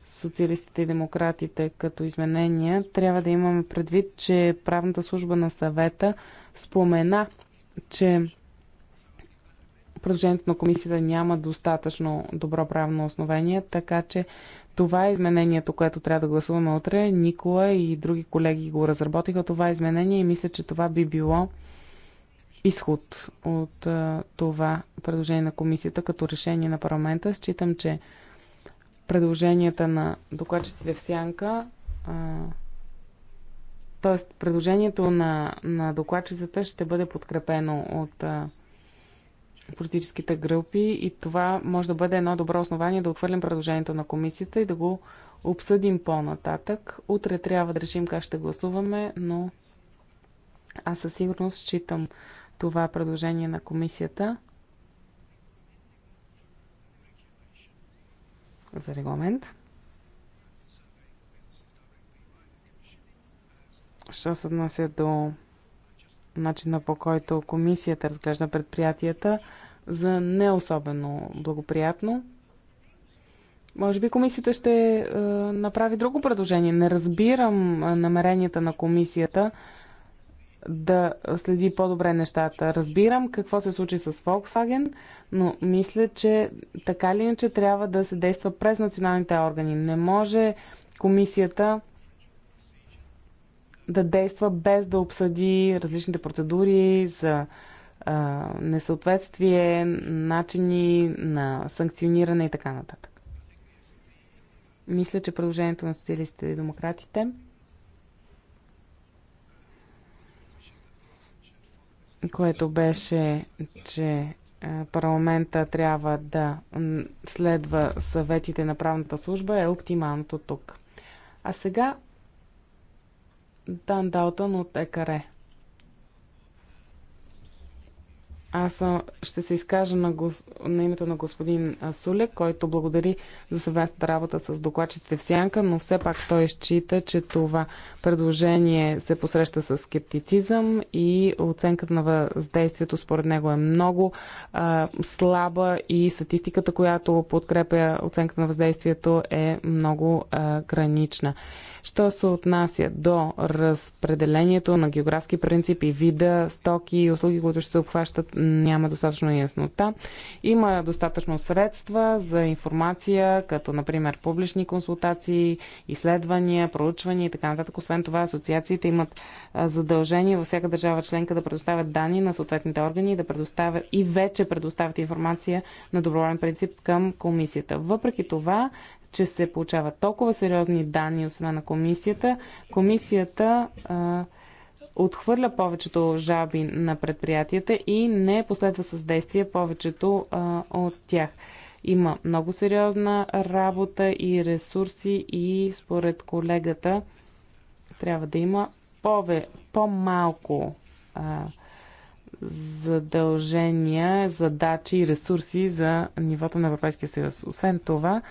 социалистите и демократите като изменения, трябва да имаме предвид, че правната служба на съвета спомена, че предложението на комисията няма достатъчно добро правно основание, така че това е изменението, което трябва да гласуваме утре. Никола и други колеги го разработиха това изменение и мисля, че това би било изход от а, това предложение на комисията като решение на парламента. Считам, че предложенията на докладчиците в Сянка, т.е. предложението на, на докладчицата ще бъде подкрепено от а, политическите групи и това може да бъде едно добро основание да отхвърлим предложението на комисията и да го обсъдим по-нататък. Утре трябва да решим как ще гласуваме, но аз със сигурност считам това предложение на комисията за регламент. Що се отнася до начина по който комисията разглежда предприятията за не особено благоприятно. Може би комисията ще е, направи друго предложение. Не разбирам е, намеренията на комисията да следи по-добре нещата. Разбирам какво се случи с Volkswagen, но мисля, че така или иначе трябва да се действа през националните органи. Не може комисията да действа без да обсъди различните процедури за а, несъответствие, начини на санкциониране и така нататък. Мисля, че предложението на социалистите и демократите което беше, че парламента трябва да следва съветите на правната служба, е оптималното тук. А сега Дан Далтън от ЕКАРЕ. Аз съм, ще се изкажа на, гос, на името на господин Сулек, който благодари за съвместната работа с докладчиците в Сянка, но все пак той счита, че това предложение се посреща с скептицизъм и оценката на въздействието според него е много а, слаба и статистиката, която подкрепя оценката на въздействието е много а, гранична. Що се отнася до разпределението на географски принципи, вида, стоки и услуги, които ще се обхващат, няма достатъчно яснота. Има достатъчно средства за информация, като например публични консултации, изследвания, проучвания и така нататък. Освен това, асоциациите имат задължение във всяка държава членка да предоставят данни на съответните органи и да предоставят и вече предоставят информация на доброволен принцип към комисията. Въпреки това, че се получават толкова сериозни данни от страна на комисията. Комисията а, отхвърля повечето жаби на предприятията и не последва с действие повечето а, от тях. Има много сериозна работа и ресурси и според колегата трябва да има пове, по-малко задължения, задачи и ресурси за нивото на Европейския съюз. Освен това,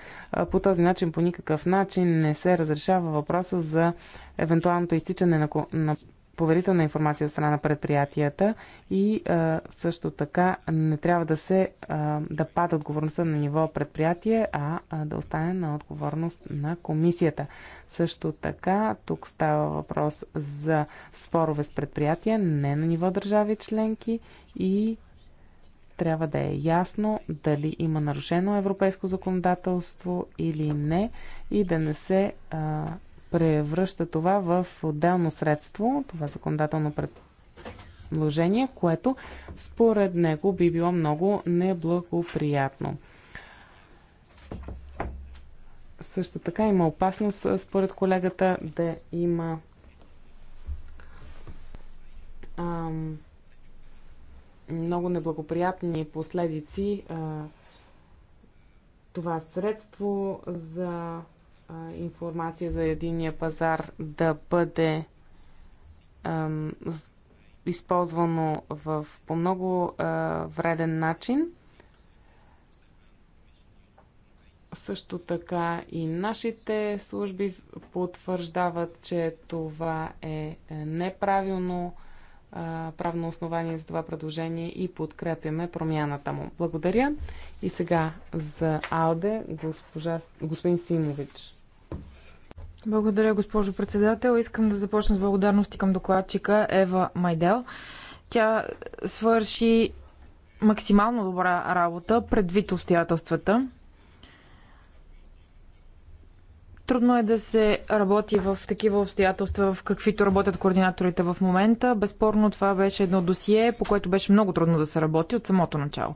по този начин, по никакъв начин не се разрешава въпроса за евентуалното изтичане на, на поверителна информация от страна на предприятията и а, също така не трябва да се а, да пада отговорността на ниво предприятие, а, а да остане на отговорност на комисията. Също така тук става въпрос за спорове с предприятия, не на ниво държави членки и трябва да е ясно дали има нарушено европейско законодателство или не и да не се а, превръща това в отделно средство, това законодателно предложение, което според него би било много неблагоприятно. Също така има опасност, според колегата, да има ам, много неблагоприятни последици. А, това средство за информация за единия пазар да бъде ам, използвано в, по много а, вреден начин. Също така и нашите служби потвърждават, че това е, е неправилно а, правно основание за това предложение и подкрепяме промяната му. Благодаря. И сега за Алде госпожа, господин Симович. Благодаря, госпожо председател. Искам да започна с благодарности към докладчика Ева Майдел. Тя свърши максимално добра работа предвид обстоятелствата. Трудно е да се работи в такива обстоятелства, в каквито работят координаторите в момента. Безспорно това беше едно досие, по което беше много трудно да се работи от самото начало.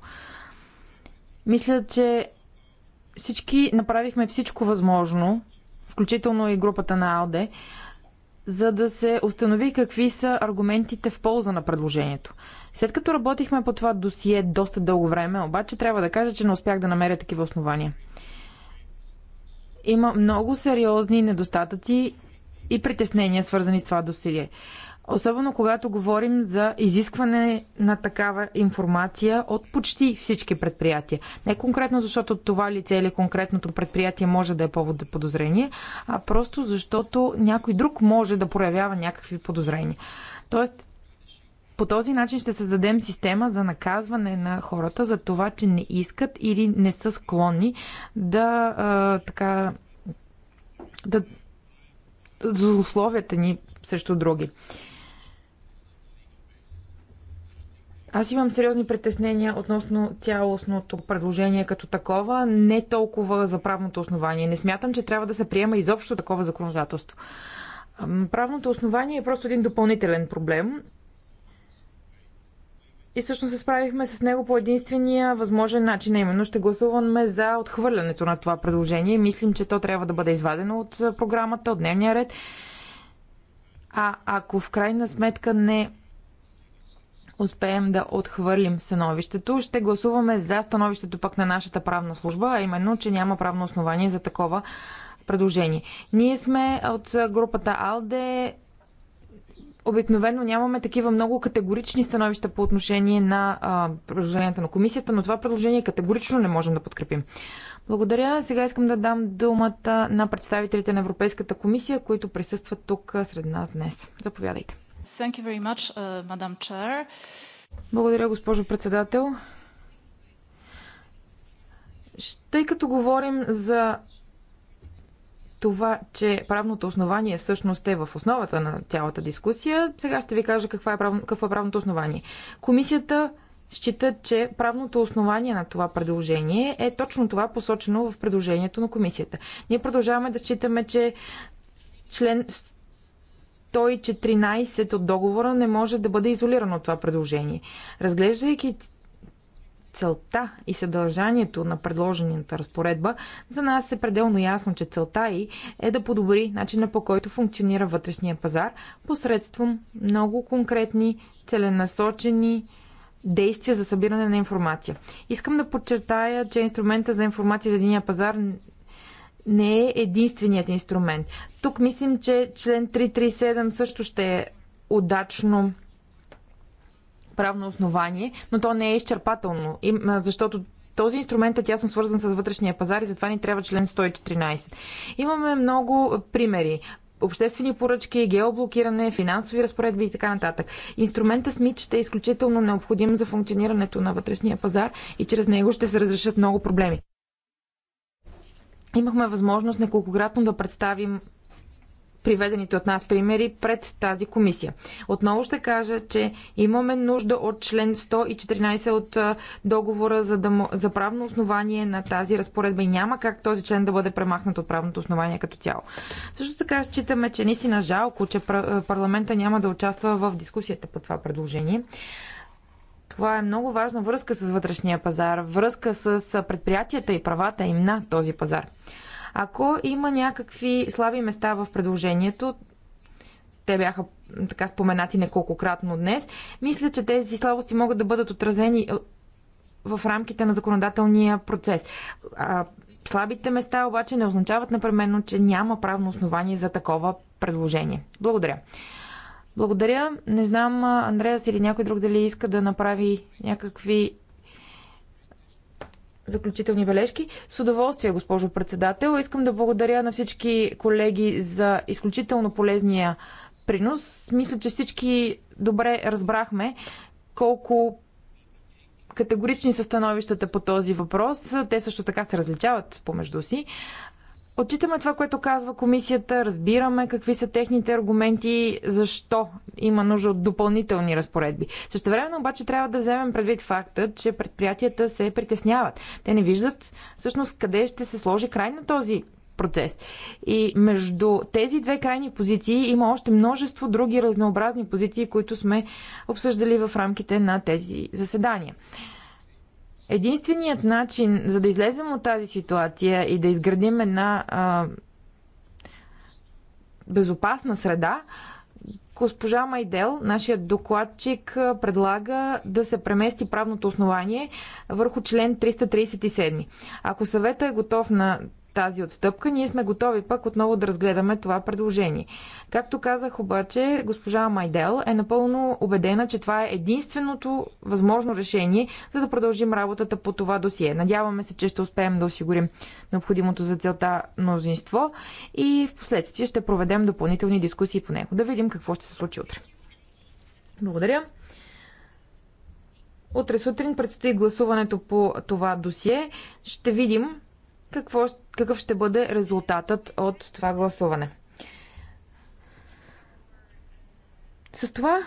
Мисля, че всички направихме всичко възможно включително и групата на АЛДЕ, за да се установи какви са аргументите в полза на предложението. След като работихме по това досие доста дълго време, обаче трябва да кажа, че не успях да намеря такива основания. Има много сериозни недостатъци и притеснения, свързани с това досие. Особено когато говорим за изискване на такава информация от почти всички предприятия. Не конкретно защото това лице или конкретното предприятие може да е повод за подозрение, а просто защото някой друг може да проявява някакви подозрения. Тоест, по този начин ще създадем система за наказване на хората за това, че не искат или не са склонни да а, така да условията ни срещу други. Аз имам сериозни притеснения относно цялостното предложение като такова, не толкова за правното основание. Не смятам, че трябва да се приема изобщо такова законодателство. Правното основание е просто един допълнителен проблем. И всъщност се справихме с него по единствения възможен начин, а именно ще гласуваме за отхвърлянето на това предложение. Мислим, че то трябва да бъде извадено от програмата, от дневния ред. А ако в крайна сметка не успеем да отхвърлим становището, ще гласуваме за становището пък на нашата правна служба, а именно, че няма правно основание за такова предложение. Ние сме от групата АЛДЕ. Обикновено нямаме такива много категорични становища по отношение на а, предложенията на комисията, но това предложение категорично не можем да подкрепим. Благодаря. Сега искам да дам думата на представителите на Европейската комисия, които присъстват тук сред нас днес. Заповядайте. Thank you very much, uh, Madam Chair. Благодаря, госпожо председател. Тъй като говорим за това, че правното основание всъщност е в основата на цялата дискусия, сега ще ви кажа каква е правно, какво е правното основание. Комисията счита, че правното основание на това предложение е точно това посочено в предложението на комисията. Ние продължаваме да считаме, че член той 14 от договора не може да бъде изолирано от това предложение. Разглеждайки целта и съдържанието на предложената разпоредба, за нас е пределно ясно, че целта й е да подобри начина по който функционира вътрешния пазар посредством много конкретни, целенасочени действия за събиране на информация. Искам да подчертая, че инструмента за информация за единия пазар не е единственият инструмент. Тук мислим, че член 337 също ще е удачно правно основание, но то не е изчерпателно, защото този инструмент е тясно свързан с вътрешния пазар и затова ни трябва член 114. Имаме много примери. Обществени поръчки, геоблокиране, финансови разпоредби и така нататък. Инструментът СМИТ ще е изключително необходим за функционирането на вътрешния пазар и чрез него ще се разрешат много проблеми. Имахме възможност неколкократно да представим приведените от нас примери пред тази комисия. Отново ще кажа, че имаме нужда от член 114 от договора за, да, за правно основание на тази разпоредба и няма как този член да бъде премахнат от правното основание като цяло. Също така считаме, че наистина жалко, че парламента няма да участва в дискусията по това предложение. Това е много важна връзка с вътрешния пазар, връзка с предприятията и правата им на този пазар. Ако има някакви слаби места в предложението, те бяха така споменати неколкократно днес, мисля, че тези слабости могат да бъдат отразени в рамките на законодателния процес. Слабите места обаче не означават напременно, че няма правно основание за такова предложение. Благодаря. Благодаря. Не знам, Андреас или някой друг дали иска да направи някакви заключителни бележки. С удоволствие, госпожо председател. Искам да благодаря на всички колеги за изключително полезния принос. Мисля, че всички добре разбрахме колко категорични са становищата по този въпрос. Те също така се различават помежду си. Отчитаме това, което казва комисията, разбираме какви са техните аргументи, защо има нужда от допълнителни разпоредби. Също време обаче трябва да вземем предвид факта, че предприятията се притесняват. Те не виждат всъщност къде ще се сложи край на този процес. И между тези две крайни позиции има още множество други разнообразни позиции, които сме обсъждали в рамките на тези заседания. Единственият начин за да излезем от тази ситуация и да изградим една а, безопасна среда, госпожа Майдел, нашият докладчик, предлага да се премести правното основание върху член 337. Ако съвета е готов на тази отстъпка, ние сме готови пък отново да разгледаме това предложение. Както казах обаче, госпожа Майдел е напълно убедена, че това е единственото възможно решение, за да продължим работата по това досие. Надяваме се, че ще успеем да осигурим необходимото за целта мнозинство и в последствие ще проведем допълнителни дискусии по него. Да видим какво ще се случи утре. Благодаря. Утре сутрин предстои гласуването по това досие. Ще видим какво, какъв ще бъде резултатът от това гласуване. С това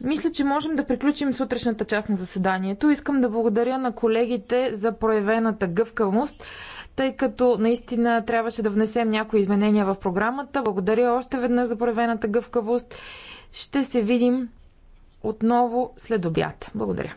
мисля, че можем да приключим сутрешната част на заседанието. Искам да благодаря на колегите за проявената гъвкавост, тъй като наистина трябваше да внесем някои изменения в програмата. Благодаря още веднъж за проявената гъвкавост. Ще се видим отново след обяд. Благодаря.